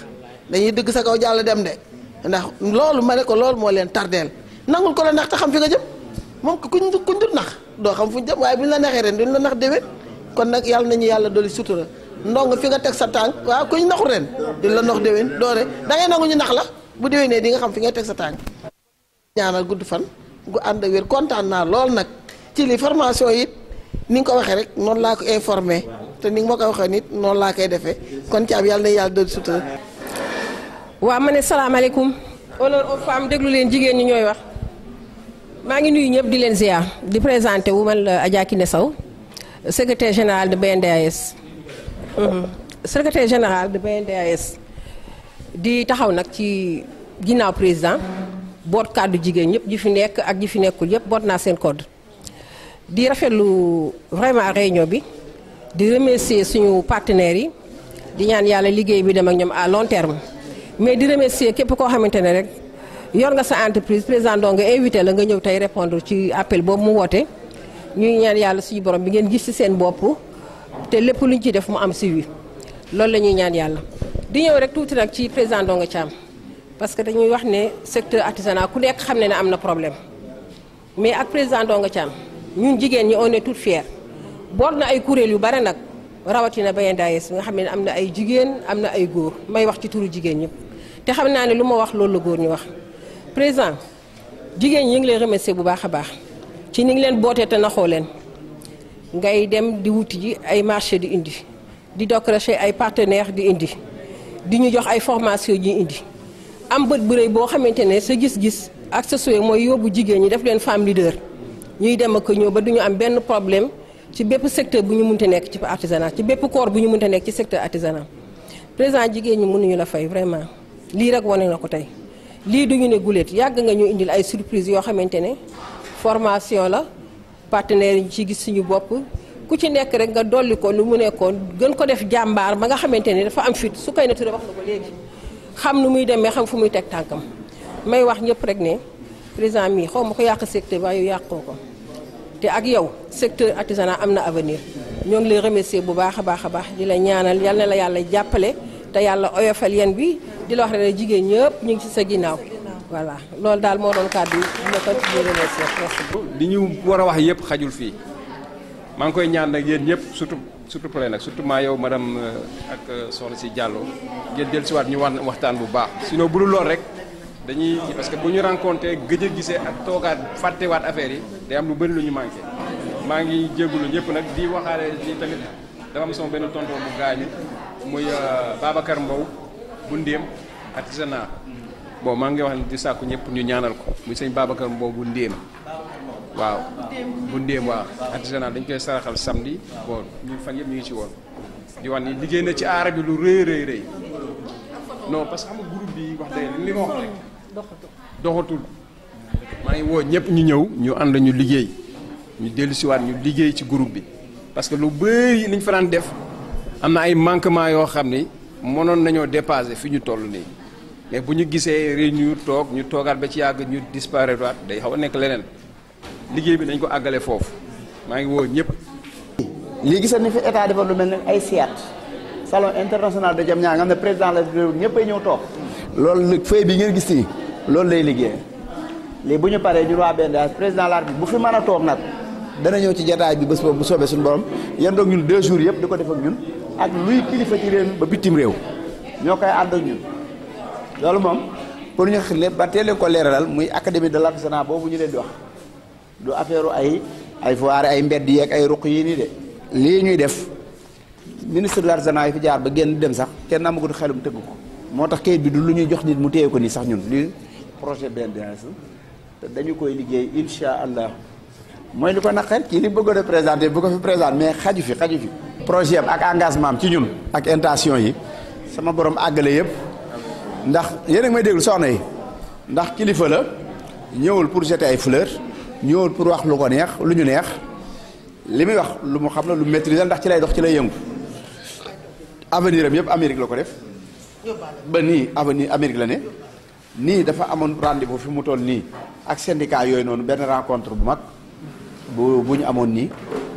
dañuy dëgg sa kaw jàll dem de ndax loolu ma ne ko loolu moo leen tardeel nangul ko la nax te xam fi nga jëm moom kuñ kuñ nax Do xam fu ñu jëm waaye bu la naxee ren duñ la nax dewe kon nak yalla nañu yalla doli sutura ndong fi nga tek sa tànk wa ku naxu ren duñ la dewe do re da ngay nangu ñu nax la bu ne di nga xam fi nga tek sa tànk ñaanal gudd fan gu ànd ak contant na naa lool nag ci li formation yi ni nga ko waxe rek non la ko informé te ni nga ko waxe nit non la kay defé kon ci ab yalla na yalla doli sutura. wa mané salam alaykum honneur aux femmes deglu len jigen ñi ñoy wax. maa ngi nuyu ñëpp di leen ziar di présenté wu man la euh, Adja Kiné secretaire secrétaire général de BNDAS mhm. secrétaire général de BNDAS di taxaw nag ci ginnaaw président boot kàddu jigéen ñëpp ji fi nekk ak ji fi nekkul yëpp boot naa seen code di rafetlu vraiment réunion bi di remercier suñu partenaires yi di ñaan yàlla liggéey bi dem ak ñoom à long terme mais di remercier képp koo xamante ne rek yor nga sa entreprise président doo nga invité la nga ñëw tey répondre ci appel boobu mu woote ñuy ñaan yàlla suñu borom bi ngeen gis ci seen bopp te lépp luñ ci def mu am suivi loolu la ñuy ñaan yàlla. di ñëw rek tuuti nag ci président Ndongo Thiam parce que dañuy wax ne secteur artisanat ku nekk xam ne ne am na problème mais ak président Ndongo Thiam ñun jigéen ñi on est toutes fières boor na ay kuréel yu bare nag rawatina Bayandaayes nga xam ne am na ay jigéen am na ay góor may wax ci turu jigéen ñëpp te xam naa ne lu ma wax loolu la góor ñu wax. président jigéen ñi ngi lay remercier bu baax a baax ci ni ngi leen bootee te naxoo leen ngay dem di wuti ji ay marché di indi di décrocher ay partenaires di indi di ñu jox ay formation ji indi am bët bu rëy boo xamante ne sa gis-gis ak sa suwe mooy yóbbu jigéen ñi def leen femme leader ñuy dem ak ñëw ba du ñu am benn problème ci bépp secteur bu ñu mun te nekk ci artisanat ci bépp corps bu ñu mënta nekk ci secteur artisanat président jigéen ñi mënuñu la fay vraiment lii rek wane na ko tey lii duñu ne guléet yàgg nga ñu indil ay surprise yoo xamante ne formation la partenaire yi ci gis suñu bopp ku ci nekk rek nga dolli ko lu mu nekkoon gën ko def jàmbaar ba nga xamante ne dafa am fit su koy na ture wax na ko léegi xam nu muy demee xam fu muy teg tànkam may wax ñëpp rek ne président mi xaw ma ko yàq secteur waaye yu yàqoo ko te ak yow secteur artisanat am na avenir ñoo ngi lay remercier bu baax a baax a baax di la ñaanal yal na la yàlla jàppale te yàlla oyofal yeen bi di la wax rek jigéen ñëpp ñu ngi ci sa ginnaaw voilà loolu daal moo doon kàddu ma ko ci remercier li ñu war a wax yëpp xajul fii maa ngi koy ñaan nag yéen ñëpp surtout surtout plaît nag surtout maa yow madame euh, ak euh, soxna si Diallo ngeen dellusiwaat ñu wax waxtaan bu baax sinon bu dul lool rek dañuy parce que bu ñu rencontré gëj a gisee ak toogaat fàttewaat affaire yi day am lu bëri lu ñu manqué maa ngi jégalu ñëpp nag di waxaale ni tamit dafa am son benn tonton bu gaañu muy euh, Babacar Mbow bu Ndéem artisanat boo maa ngi wax ne di sàkku ñëpp ñu ñaanal ko muy sëñ Babacar Mbow bu Ndéem waaw bu Ndéem waaw artisanat dañ koy saraxal samedi bon ñu fan yëpp ñu ngi ci woon di wax ni liggéey na ci aara bi lu rëy rëy rëy non parce que xam groupe bi wax dëgg li ma wax rek doxatul maa ngi woo ñëpp ñu ñëw ñu ànd ñu liggéey ñu dellu dellusiwaat ñu liggéey ci groupe bi parce que lu bëri liñ fanaan def am na ay manquement yoo xam ni mënoon nañoo dépasser fi ñu toll nii mais bu ñu gisee réunion toog ñu toogaat ba ci yàgg ñu disparaître waat day xaw a nekk leneen liggéey bi nañ ko àggale foofu maa ngi woo ñëpp. lii gisal ni fi état defar lu mel ne ay siyaat salon international de Diamniadio nga xam ne président la réew ñëpp ay ñëw toog. loolu nag feuille bi ngeen gis nii loolu lay liggéey léegi bu ñu paree ñun waa BNDAS président la bu fi man a toog nag dana ñëw ci jataay bi bés boobu bu soobee suñu borom yéen doog ñun deux jours yëpp di ko ñun. ak luy kilifa ci réew ba bitim réew ñoo koy ànd ak ñun loolu moom pour ñu ba teel ko leeralal muy académie de l'artisanat boobu ñu leen di wax du affaire ay ay foire ay mbedd yeeg ay ruq yi nii de lii ñuy def ministre de l'artisanat yi fi jaar ba génn dem sax kenn amagut xelum tëgg ko moo tax kayit bi du lu ñuy jox nit mu téye ko nii sax ñun lii projet BNDAS te dañu koy liggéey insha allah mooy li ko naqar kii li bëggoon a présenté bu fi présenté mais xaju fi xaju fi projet am ak engagement am ci ñun ak intention yi sama borom àggale yëpp ndax yéen a ngi may déglu soxna yi ndax kilifa la ñëwul pour jeter ay fleur ñëwul pour wax lu ko neex lu ñu neex li muy wax lu mu xam la lu la ndax ci lay dox ci lay yëngu avenir am yëpp Amérique la ko def ba nii avenir Amérique la ne nii dafa amoon rendez-vous fi mu toll nii ak syndicat yooyu noonu benn rencontre bu mag bu bu ñu amoon nii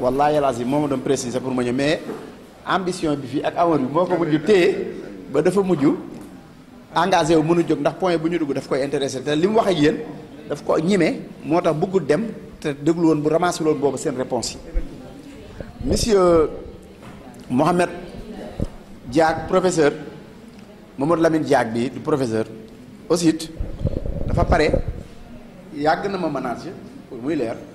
wallaahi yàlla yi moo ma doon préciser pour ma ñëw mais ambition bi fii ak amoon bi moo ko mujj téye ba dafa mujj engagé wu mënu jóg ndax point bu ñu dugg daf koy intéressé te li mu wax a yéen daf ko ñime moo tax bëggul dem te déglu woon bu ramassé woon boobu seen réponse yi. monsieur Mohamed Diak professeur Mamadou Lamine Diak bii du professeur aussi dafa pare yàgg na ma manager pour muy leer.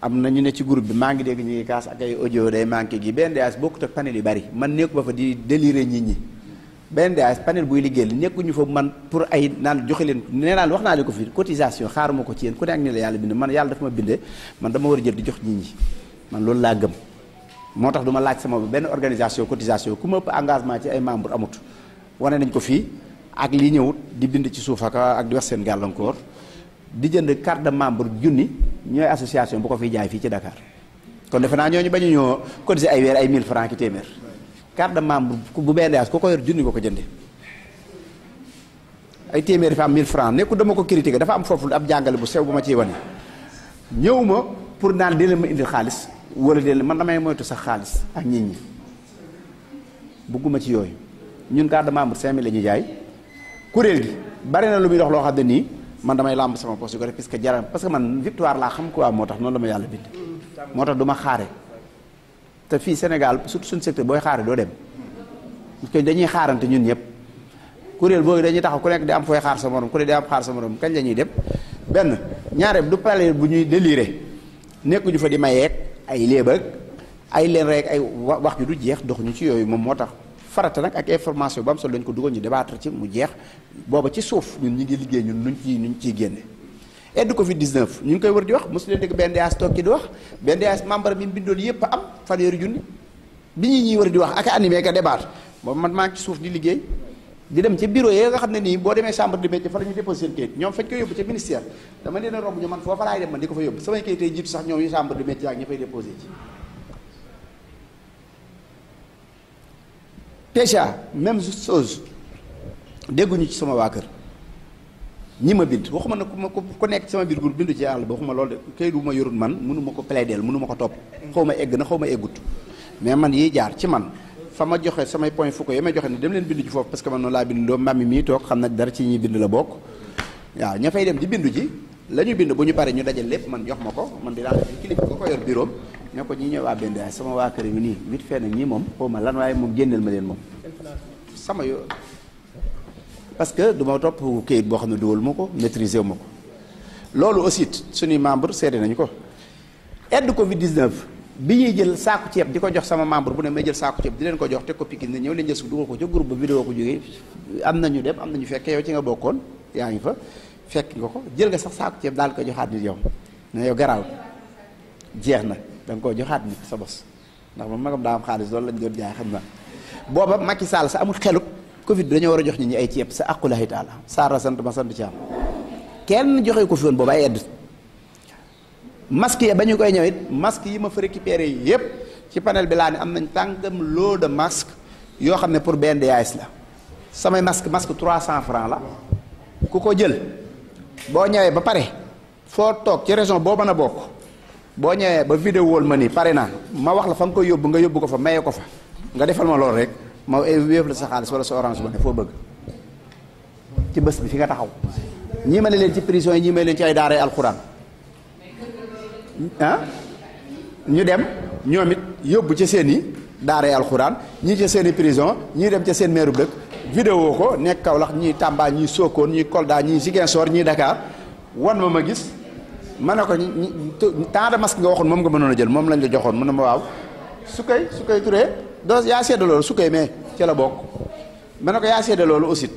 am na ñu ne ci groupe bi maa ngi dégg ñu ngi kaas ak ay audio day manqué gi BNDAS bokkut ak panel yu bari man nekku ba fa di délirer nit ñi BNDAS panel buy liggéey li nekkuñu fa man pour ay naan joxe leen nee naan wax naa leen ko fii cotisation xaaruma ko ci yéen ku ne ak ni la yàlla man yàlla ma bindee dama war a jël di jox nit ñi man loolu laa gëm moo tax du laaj sama benn organisation cotisation ku ma ëpp engagement ci ay membre amut wane nañ ko fii ak lii ñëwut di bind ci suuf ak di wax seen gàllankoor di jënd carte de membre junni ñoy association bu ko fi jaay fi ci Dakar kon defena ñoo ñu bañu ñoo ko cotiser ay wër ay 1000 francs ki témer carte de membre bu BNDAS ku ko yor junni nga ko jëndé ay témer fa am 1000 francs neeku dama ko critiquer dafa am fofu ab jàngale bu sew bu ma ciy wane ñëwuma pour naan dina ma indi xaalis wala dina man damay moytu sa xaalis ak nit ñi bugguma ci yoy ñun carte de membre 5000 lañu jaay kurel gi bari na lu muy dox lo xam ne man damay lamb sama poste ko def parce que jaral parce que man victoire la xam quoi motax non noonu la ma yàlla bind moo tax du te fi senegal surtout sun secteur boy xare do dem parce que dañuy xarante ñun ñep kurel boy dañuy taxaw ku nek di am foy xaar sa morom ku ne di am xaar sa morom kañ lañuy ñuy dem benn ñaareel du parallèle bu ñuy déliré ñu fa di mayek ay léebag ay len rek ay wax ju du jeex ñu ci yoy mom motax farata nag ak information bu am solo lañ ko dugal ñu débattre ci mu jeex booba ci suuf ñun ñu ngi liggéey ñun nuñ ci nuñ ciy génne aide Covid 19 ñu ngi koy war di wax mosu leen dégg benn yaas toog ci a am man maa ci suuf di liggéey di dem ca bureau yi nga xam ne nii boo demee chambre de métier fa la ñuy déposé ñoom fañ koy yóbbu ca ministère dama leen a romb ñu man foofa laay dem man di ko fa yóbbu samay kayit tey jiitu sax ñoom yu chambre de métier ak ñi fay déposé ci déjà même chose dégguñu ci sama waa kër ñi ma bind waxuma ne ku ma ku nekk sama biir groupe bindu ci àll ba waxuma loolu de kayit bu ma yorul man mënu ma ko plaideel mënu ma ko topp xaw ma egg na xaw ma eggut mais man yi jaar ci man fa ma joxe samay point fukk yi may joxe ne dem leen bindu ji foofu parce que man noonu laa bind loo mami mii toog xam nag dara ci ñuy bind la bokk waaw ña fay dem di bindu ji la ñu bind bu ñu paree ñu dajal lépp man jox ma ko man dinaa def kilifa ko ne ñi ñëw waa Benda sama waa kër yi nii vite fait ñi mom xoma lan way moom gënël ma leen mom sama yo parce que duma top topp kayit boo xam ne duwal ma ko maîtriser wu ma loolu aussi suñu membre sédé nañ ko aide Covid 19 bi ñi jël saaku ceeb di ko jox sama membre bu ne may jël saaku ciép di leen ko jox teg ko pikin ne ñëw leen jël su dugal ko ca groupe vidéo ko jógee am nañu dem am nañu fekk yow ci nga bokkon yaa fa fekk nga ko jël nga sax saaku ciép dal ko joxaat nit yow ne yow garaaw jeex na dang ko koo joxaat ni sa boss ndax ma magam daa am xaalis lañ doon jaay xam naa boba Macky Sall sa amul xeluk Covid dañu wara jox nit ñi ay tiep sa aqulahi taala ra sant ma sant ci am kenn joxe ko fi woon booba masque ya bañu koy ñewit it masque yi ma fa récupéré yépp ci panel bi laa ne am nañ tangam lo de masque yo xam pour pour BNDAS la samay masque masque 300 francs la ku ko jël bo ñewé ba paré fo tok ci région boo mën bokk boo ñëwee ba vidéo wóol ma ni pare na ma wax la fa nga koy yóbbu nga yóbbu ko fa mayee ko fa nga defal ma loolu rek ma wéef la sa xaalis wala sa orange ba ne foo bëgg ci bés bi fi nga taxaw ñii ma ne leen ci prison yi ñii ma leen ci ay daaray alxuraan ñu dem ñoom it yóbbu ca seen i daaray ñii ci seen i prison ñii dem ca seen meeru dëkk video ko nekk Kaolack ñii Tamba ñii Sokone ñii Kolda ñii Ziguinchor ñii Dakar wan ma ma gis ma ne ko temps de masque nga waxoon moom nga mënoon a jël moom lañ la joxoon mu ne ma waaw su koy koy turee doo yaa seede loolu su koy mais ci la bokk ma na ko yaa seede loolu aussi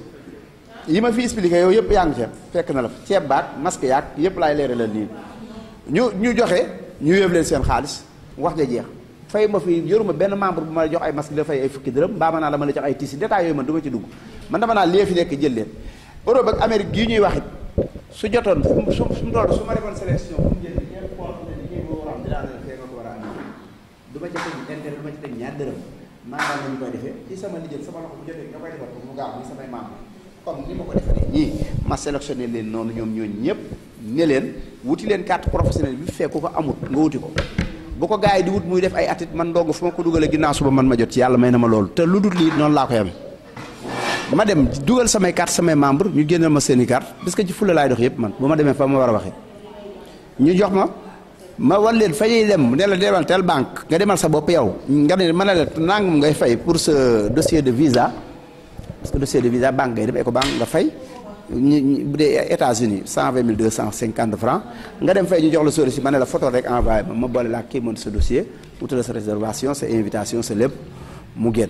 yi ma fi expliqué yow yëpp yaa ngi fekk na la fa ceeb baag masque yaag yëpp laay leeralal nii ñu ñu joxe ñu yóbbu leen seen xaalis wax ja jeex fay ma fi yoruma benn membre bu ma jox ay masque la fay ay fukki dërëm mbaa ma naa la ma la jox ay tiisi détails yooyu man du ma nekk jël leen Europe ak ñuy wax it su jotoon fu mu su mu doon su ma defoon sélection fu mu jël ñeent ni defal mu ko defee ñii ma sélectionné leen noonu ñëpp ne leen wuti leen carte bi fekk ko amut nga wuti ko bu ko gars yi di wut muy def ay atit man ndongo fu ma ko dugalee ginnaaw suba man ma jot ci yàlla may na ma loolu te lu dul lii noonu laa koy amee ma dem dugal samay carte samay membre ñu génneel ma seen carte parce que ci fulla lay dox yépp man bu ma demee fa ma war a waxee ñu jox ma ma war leen fayay dem ne la demal tel banque nga demal sa bopp yow nga ne ma ne la nangam ngay fay pour ce dossier de visa parce que dossier de visa banque ngay dem Ecobank nga fay ñu bu dee États-Unis cent vingt mille deux cent cinquante francs nga dem fay ñu jox la sori si ma ne la photo rek envoyé ma ma boole laa kii mën sa dossier outre sa réservation sa invitation sa lépp mu génn.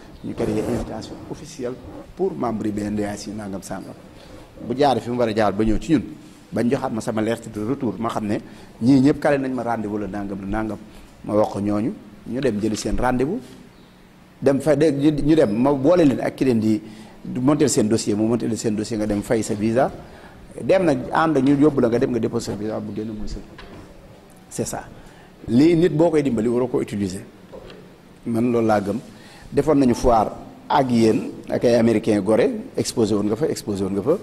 ñu créé invitation officielle pour membre yi BNDAS yi nangam sàngam bu jaar fi mu war a jaar ba ñëw ci ñun bañ joxaat ma sama lettre de retour ma xam ne ñii ñëpp kale nañ ma rendez-vous la nangam la nangam ma wax ko ñooñu ñu dem jëli seen rendez-vous dem fa de ñu dem ma boole leen ak ki leen di monter seen dossier mu monter seen dossier nga dem fay sa visa dem na ànd ñu yóbbu la nga dem nga déposer sa visa bu génn muy sëf c'est ça lii nit boo koy dimbali waroo ko utiliser man loolu laa gëm defoon nañu foire ak yéen ak ay américain gore exposé woon nga fa exposé woon nga fa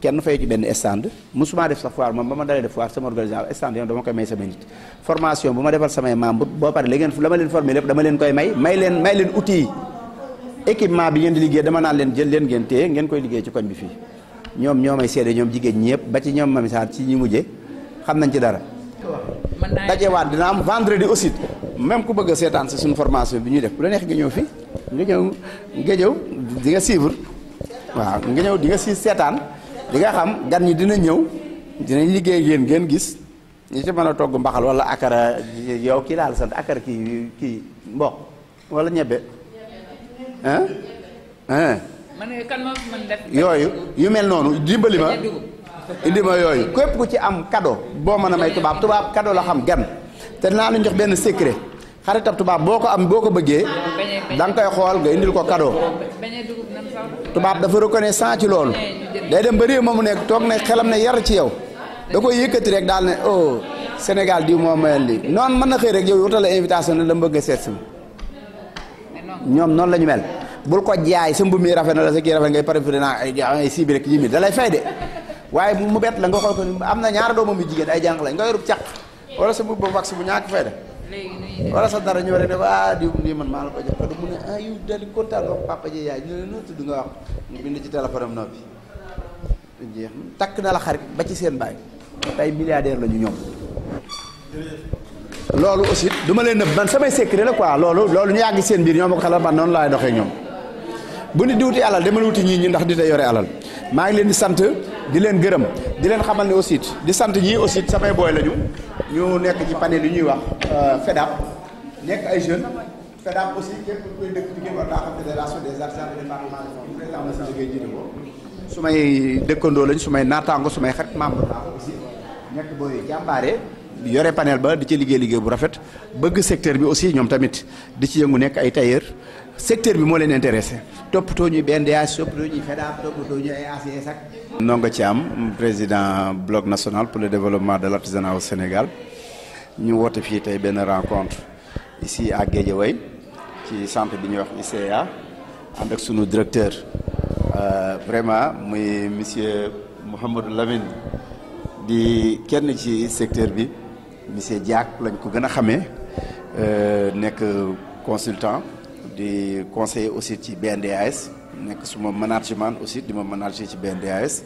kenn fay ci benn stand musuma def sax foire moom ba ma dalee def foire sama organisation stand yoon dama koy may sama nit formation bu ma defal samay membre boo pare la ngeen la ma leen formé lépp dama leen koy may may leen may leen outils équipement bi ngeen di liggéey dama naan leen jël leen ngeen téye ngeen koy liggéey ci koñ bi fii ñoom ñoo may seede ñoom jigéen ñi yëpp ba ci ñoom mamisaar ci ñi mujje xam nañ ci dara wat dina am vendredi aussi même ku bëgg sétane ci sun formation bi ñu def bu la neex nga ñëw fi ñu ñëw nga ñëw di nga suivre wa nga ñëw di nga ci sétane di nga xam gan ñi dina ñëw dinañ liggéey yéen gën gis ñi ci mëna togg mbaxal wala akara yow ki daal sant akara ki ki mbokk wala kan mo ah def yooyu yu mel nonu dimbali ma indi ma yooyu képp ku ci am cadeau boo mën a may tubaab tubaab cadeau la xam gan te naa lu jox benn secret xaritab tubaab boo ko am boo ko bëggee da nga koy xool nga indil ko kado tubaab dafa reconnaissant ci loolu day dem ba réew mu nekk toog na xelam ne yar ci yow da koy yëkkati rek daal ne oh Sénégal diw moo mayoon lii noonu mën na xëy rek yow wutal invitation ne la bëgg a seet si ñoom noonu lañu mel bul ko jaay sa mbubb mi rafet na la sa kii rafet ngay pare naa ay sii waaye mu bet la nga xol ko amna na ñaar doomam yu jigen ay jang lañ nga yorup ciak wala sa mbubb wax bu ñak fay def wala sa dara ñu rek ne ah di lii man maa la ko jox da mu ne ay ah, yu dal ko tal wax papa ji yaay ñu ne tuddu nga wax mu bind ci téléphone am noppi jeex tak na la xarit ba ci seen bay tay milliardaire lañu ñom lolu aussi duma leen nëbb man samay secret la quoi lolu lolu ñu yàgg seen bir ñom ko xala man non laay doxé ñom bu ni di alal demal wuti ñi ñi ndax di tay yoré alal ma ngi leen di sante di len gërëm di len xamal ni aussi di sant ñi aussi samay boy lañu ñu nekk ci panel yi ñuy wax euh, FEDAP nekk ay jeunes FEDAP aussi képp kuy dëkk ci war naa xam fédération des artisans de département de président Massa Jógee jiite ko bo sumay dëkkandoo lañ sumay natango sumay su mamba aussi nekk boy jambaré yoré panel ba di ci liggéey liggéey bu rafet bëgg secteur bi aussi ñom tamit di ci yëngu nekk ay tailleur secteur bi moo leen intéressé to ñu BNDAS toppatoo ñu top e toppatoo ñu ay ACS ak. ci am président bloc national pour le développement de l'artisanat au Sénégal ñu woote fi tay benn rencontre ici à Guédiawaye ci centre bi ñu wax ICA e avec ak sunu directeur euh, vraiment muy monsieur Mouhamadou Lamine di kenn ci secteur bi monsieur Diak lañ ko gëna xamé euh, nek consultant du conseil aussi site BNDAS nekk mon management aussi site de manager ci BNDAS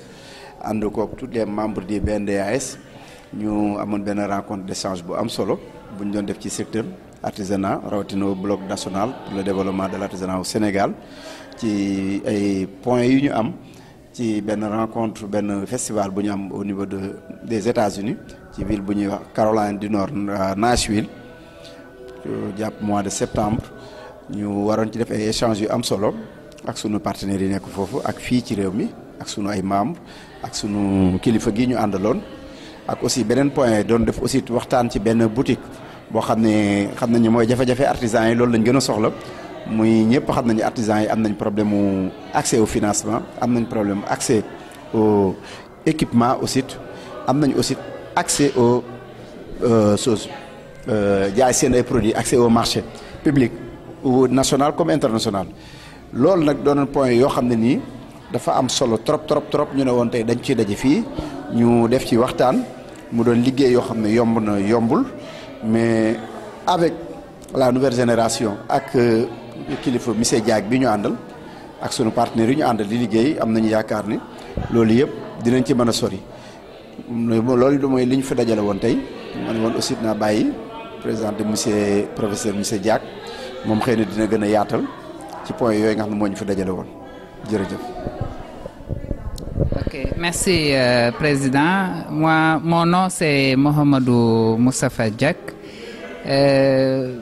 en tous les membres du BNDAS nous avons une rencontre d'échange bu am solo bu ñu secteur artisanat bloc national pour le développement de l'artisanat au Sénégal qui est points ñu am ci ben rencontre ben festival bu au niveau des États-Unis qui ville bu Caroline du Nord à Nashville au euh, mois de septembre nous avons ci échange yu am partenaires avec nos filles, avec nos membres avec nos kilifa gi ñu aussi point aussi des boutique Bo xamné artisans yi loolu lañu artisans yi am nañ problème accès au financement am nañ problème accès au équipement aussi am accès aux euh, choses euh, jaay seen ay produits accès au marché public ou national comme international C'est ce point yo xamné ni dafa am solo trop trop trop ñu trop, trop, dañ trop, trop, trop, ñu def ci waxtaan mu doon liggéey yo xamné yomb na mais avec la nouvelle génération ak euh, kilifa monsieur trop, bi ñu trop, ak partenaires ñu trop, trop, liggéey am nañu yaakaar ni dinañ ci sori fi aussi trop, président de monsieur professeur monsieur trop mom dina gëna yaatal ci point yoy nga moñu fi jërëjëf. ok merci euh, président moi mon nom c'est Mohamedou Moustapha Diack euh,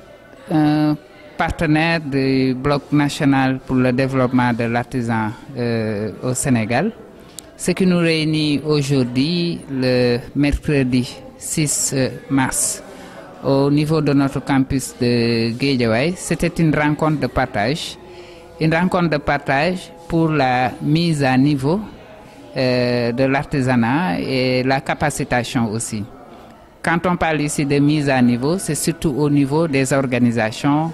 un partenaire du bloc national pour le développement de l'artisan euh, au Sénégal ce qui nous réunit aujourd'hui le mercredi 6 euh, mars au niveau de notre campus de Géjaway, C'était une rencontre de partage, une rencontre de partage pour la mise à niveau euh, de l'artisanat et la capacitation aussi. Quand on parle ici de mise à niveau, c'est surtout au niveau des organisations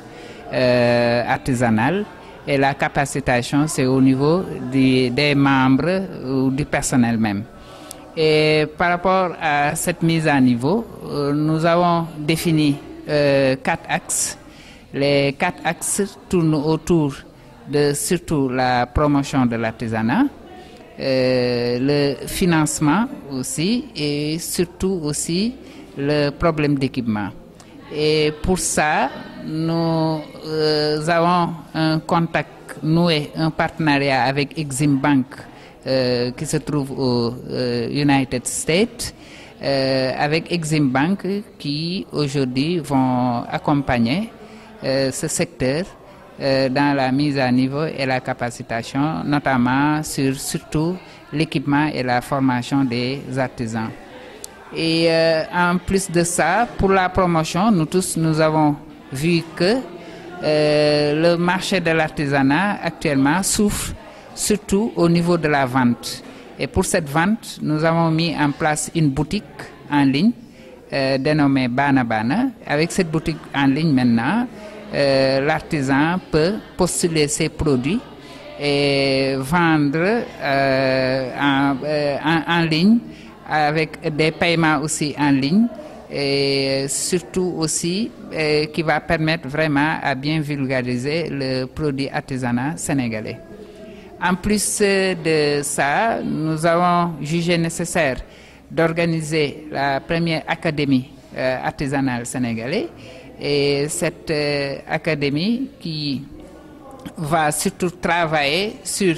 euh, artisanales et la capacitation, c'est au niveau des membres ou du personnel même. Et par rapport à cette mise à niveau, euh, nous avons défini euh, quatre axes. Les quatre axes tournent autour de surtout la promotion de l'artisanat, euh, le financement aussi et surtout aussi le problème d'équipement. Et pour ça, nous avons un contact noué, un partenariat avec Exim Bank euh, qui se trouve aux euh, United States, euh, avec Exim Bank qui aujourd'hui vont accompagner ce secteur dans la mise à niveau et la capacitation, notamment sur surtout l'équipement et la formation des artisans. Et en plus de ça, pour la promotion, nous tous nous avons vu que le marché de l'artisanat actuellement souffre surtout au niveau de la vente. Et pour cette vente, nous avons mis en place une boutique en ligne euh, dénommée Bana Bana. Avec cette boutique en ligne maintenant, euh, l'artisan peut postuler ses produits et vendre euh, en, en, ligne avec des paiements aussi en ligne et surtout aussi qui va permettre vraiment à bien vulgariser le produit artisanat sénégalais. En plus de ça, nous avons jugé nécessaire d'organiser la première académie euh, artisanale sénégalaise. Et cette euh, académie qui va surtout travailler sur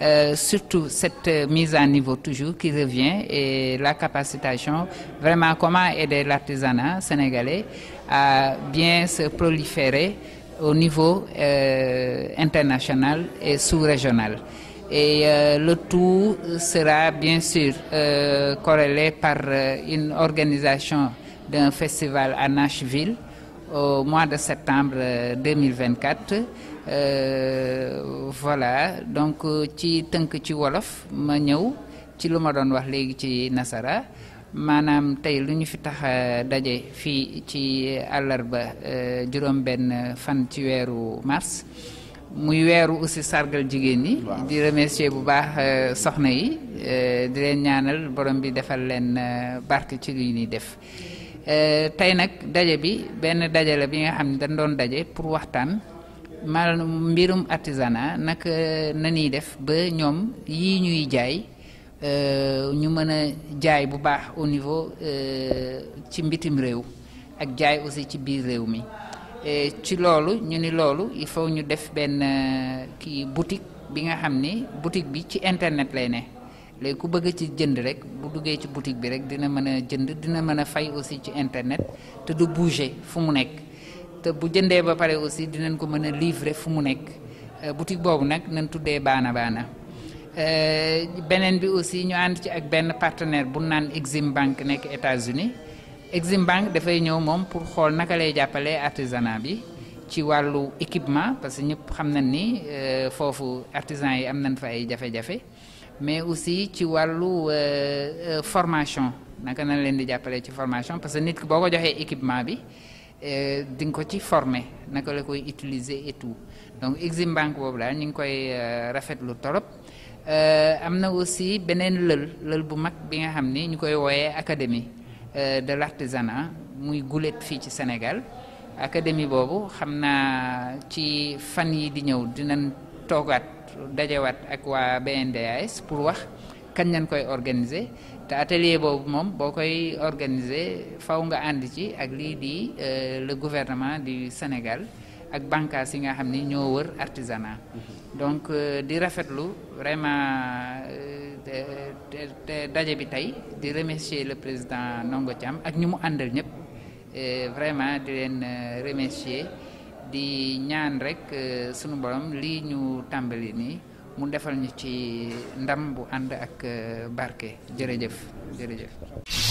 euh, surtout cette mise à niveau toujours qui revient et la capacitation, vraiment comment aider l'artisanat sénégalais à bien se proliférer au niveau euh, international et sous-régional. Et euh, le tout sera bien sûr euh, corrélé par une organisation d'un festival à Nashville au mois de septembre 2024. voilà donc ci tënk ci wolof ma ñëw ci wax nasara maanaam tey lu ñu fi tax daje fii ci àllarba euh, juróom-benn fan ci weeru mars muy weeru aussi sargal jigéen ñi. di remercier bu baax euh, soxna yi euh, di leen ñaanal borom bi defal leen barke ci li ñuy def. tey nag daje bi benn dajale bi nga xam ne dañ doon daje pour waxtaan maanaam mbirum artisanat naka na ñuy def ba ñoom yii ñuy jaay. Euh, ñu mën a jaay bu baax au niveau euh, ci mbitim réew ak jaay aussi ci biir réew mi ci loolu ñu ni loolu il faut ñu def benn euh, kii boutique bi nga xam ni boutique bi ci internet lay ne léegi ku bëgg ci jënd rek bu duggee ci boutique bi rek dina mën a jënd dina mën a fay aussi ci internet te du bouger fu mu nekk te bu jëndee ba pare aussi dinañ ko mën a livrer fu mu nekk boutique boobu nag nañ tuddee baana baana Euh, benen bi aussi ñu and ci ak benn partenaire bu naan Exim Bank nekk États-Unis Exim Bank dafay ñëw moom pour xool naka lay jàppale artisanat bi ci wàllu équipement parce que ñëpp xam nañ ni euh, foofu artisan yi am nañ fa ay jafe-jafe mais aussi ci wàllu euh, formation naka nañ leen di jàppale ci formation parce que nit ki boo ko joxee équipement bi di nga ko ci former naka la koy utiliser et tout donc Exim Bank boobu daal ñu ngi koy rafetlu torop Euh, am na aussi beneen lël lël bu mag bi nga xam ni ñu koy wooyee académie euh, de l'artisanat muy gulet fii ci Sénégal académie boobu xam naa ci fan yi di ñëw dinañ toogaat dajewaat ak waa BNDAS pour wax kañ lañ koy organiser te atelier boobu moom boo koy organiser faw nga ànd ci ak lii di euh, le gouvernement du Sénégal ak bànqaas yi nga xam ni ñoo wër artisanat donc euh, di rafetlu vraiment euh, te daje bi tey di remercier le président Ndongo Thiam ak ñu mu àndal ñëpp euh, vraiment di leen remercier di ñaan rek sunu borom lii ñu tàmbali nii mu defal ñu ci ndam bu ànd ak barke jërëjëf jërëjëf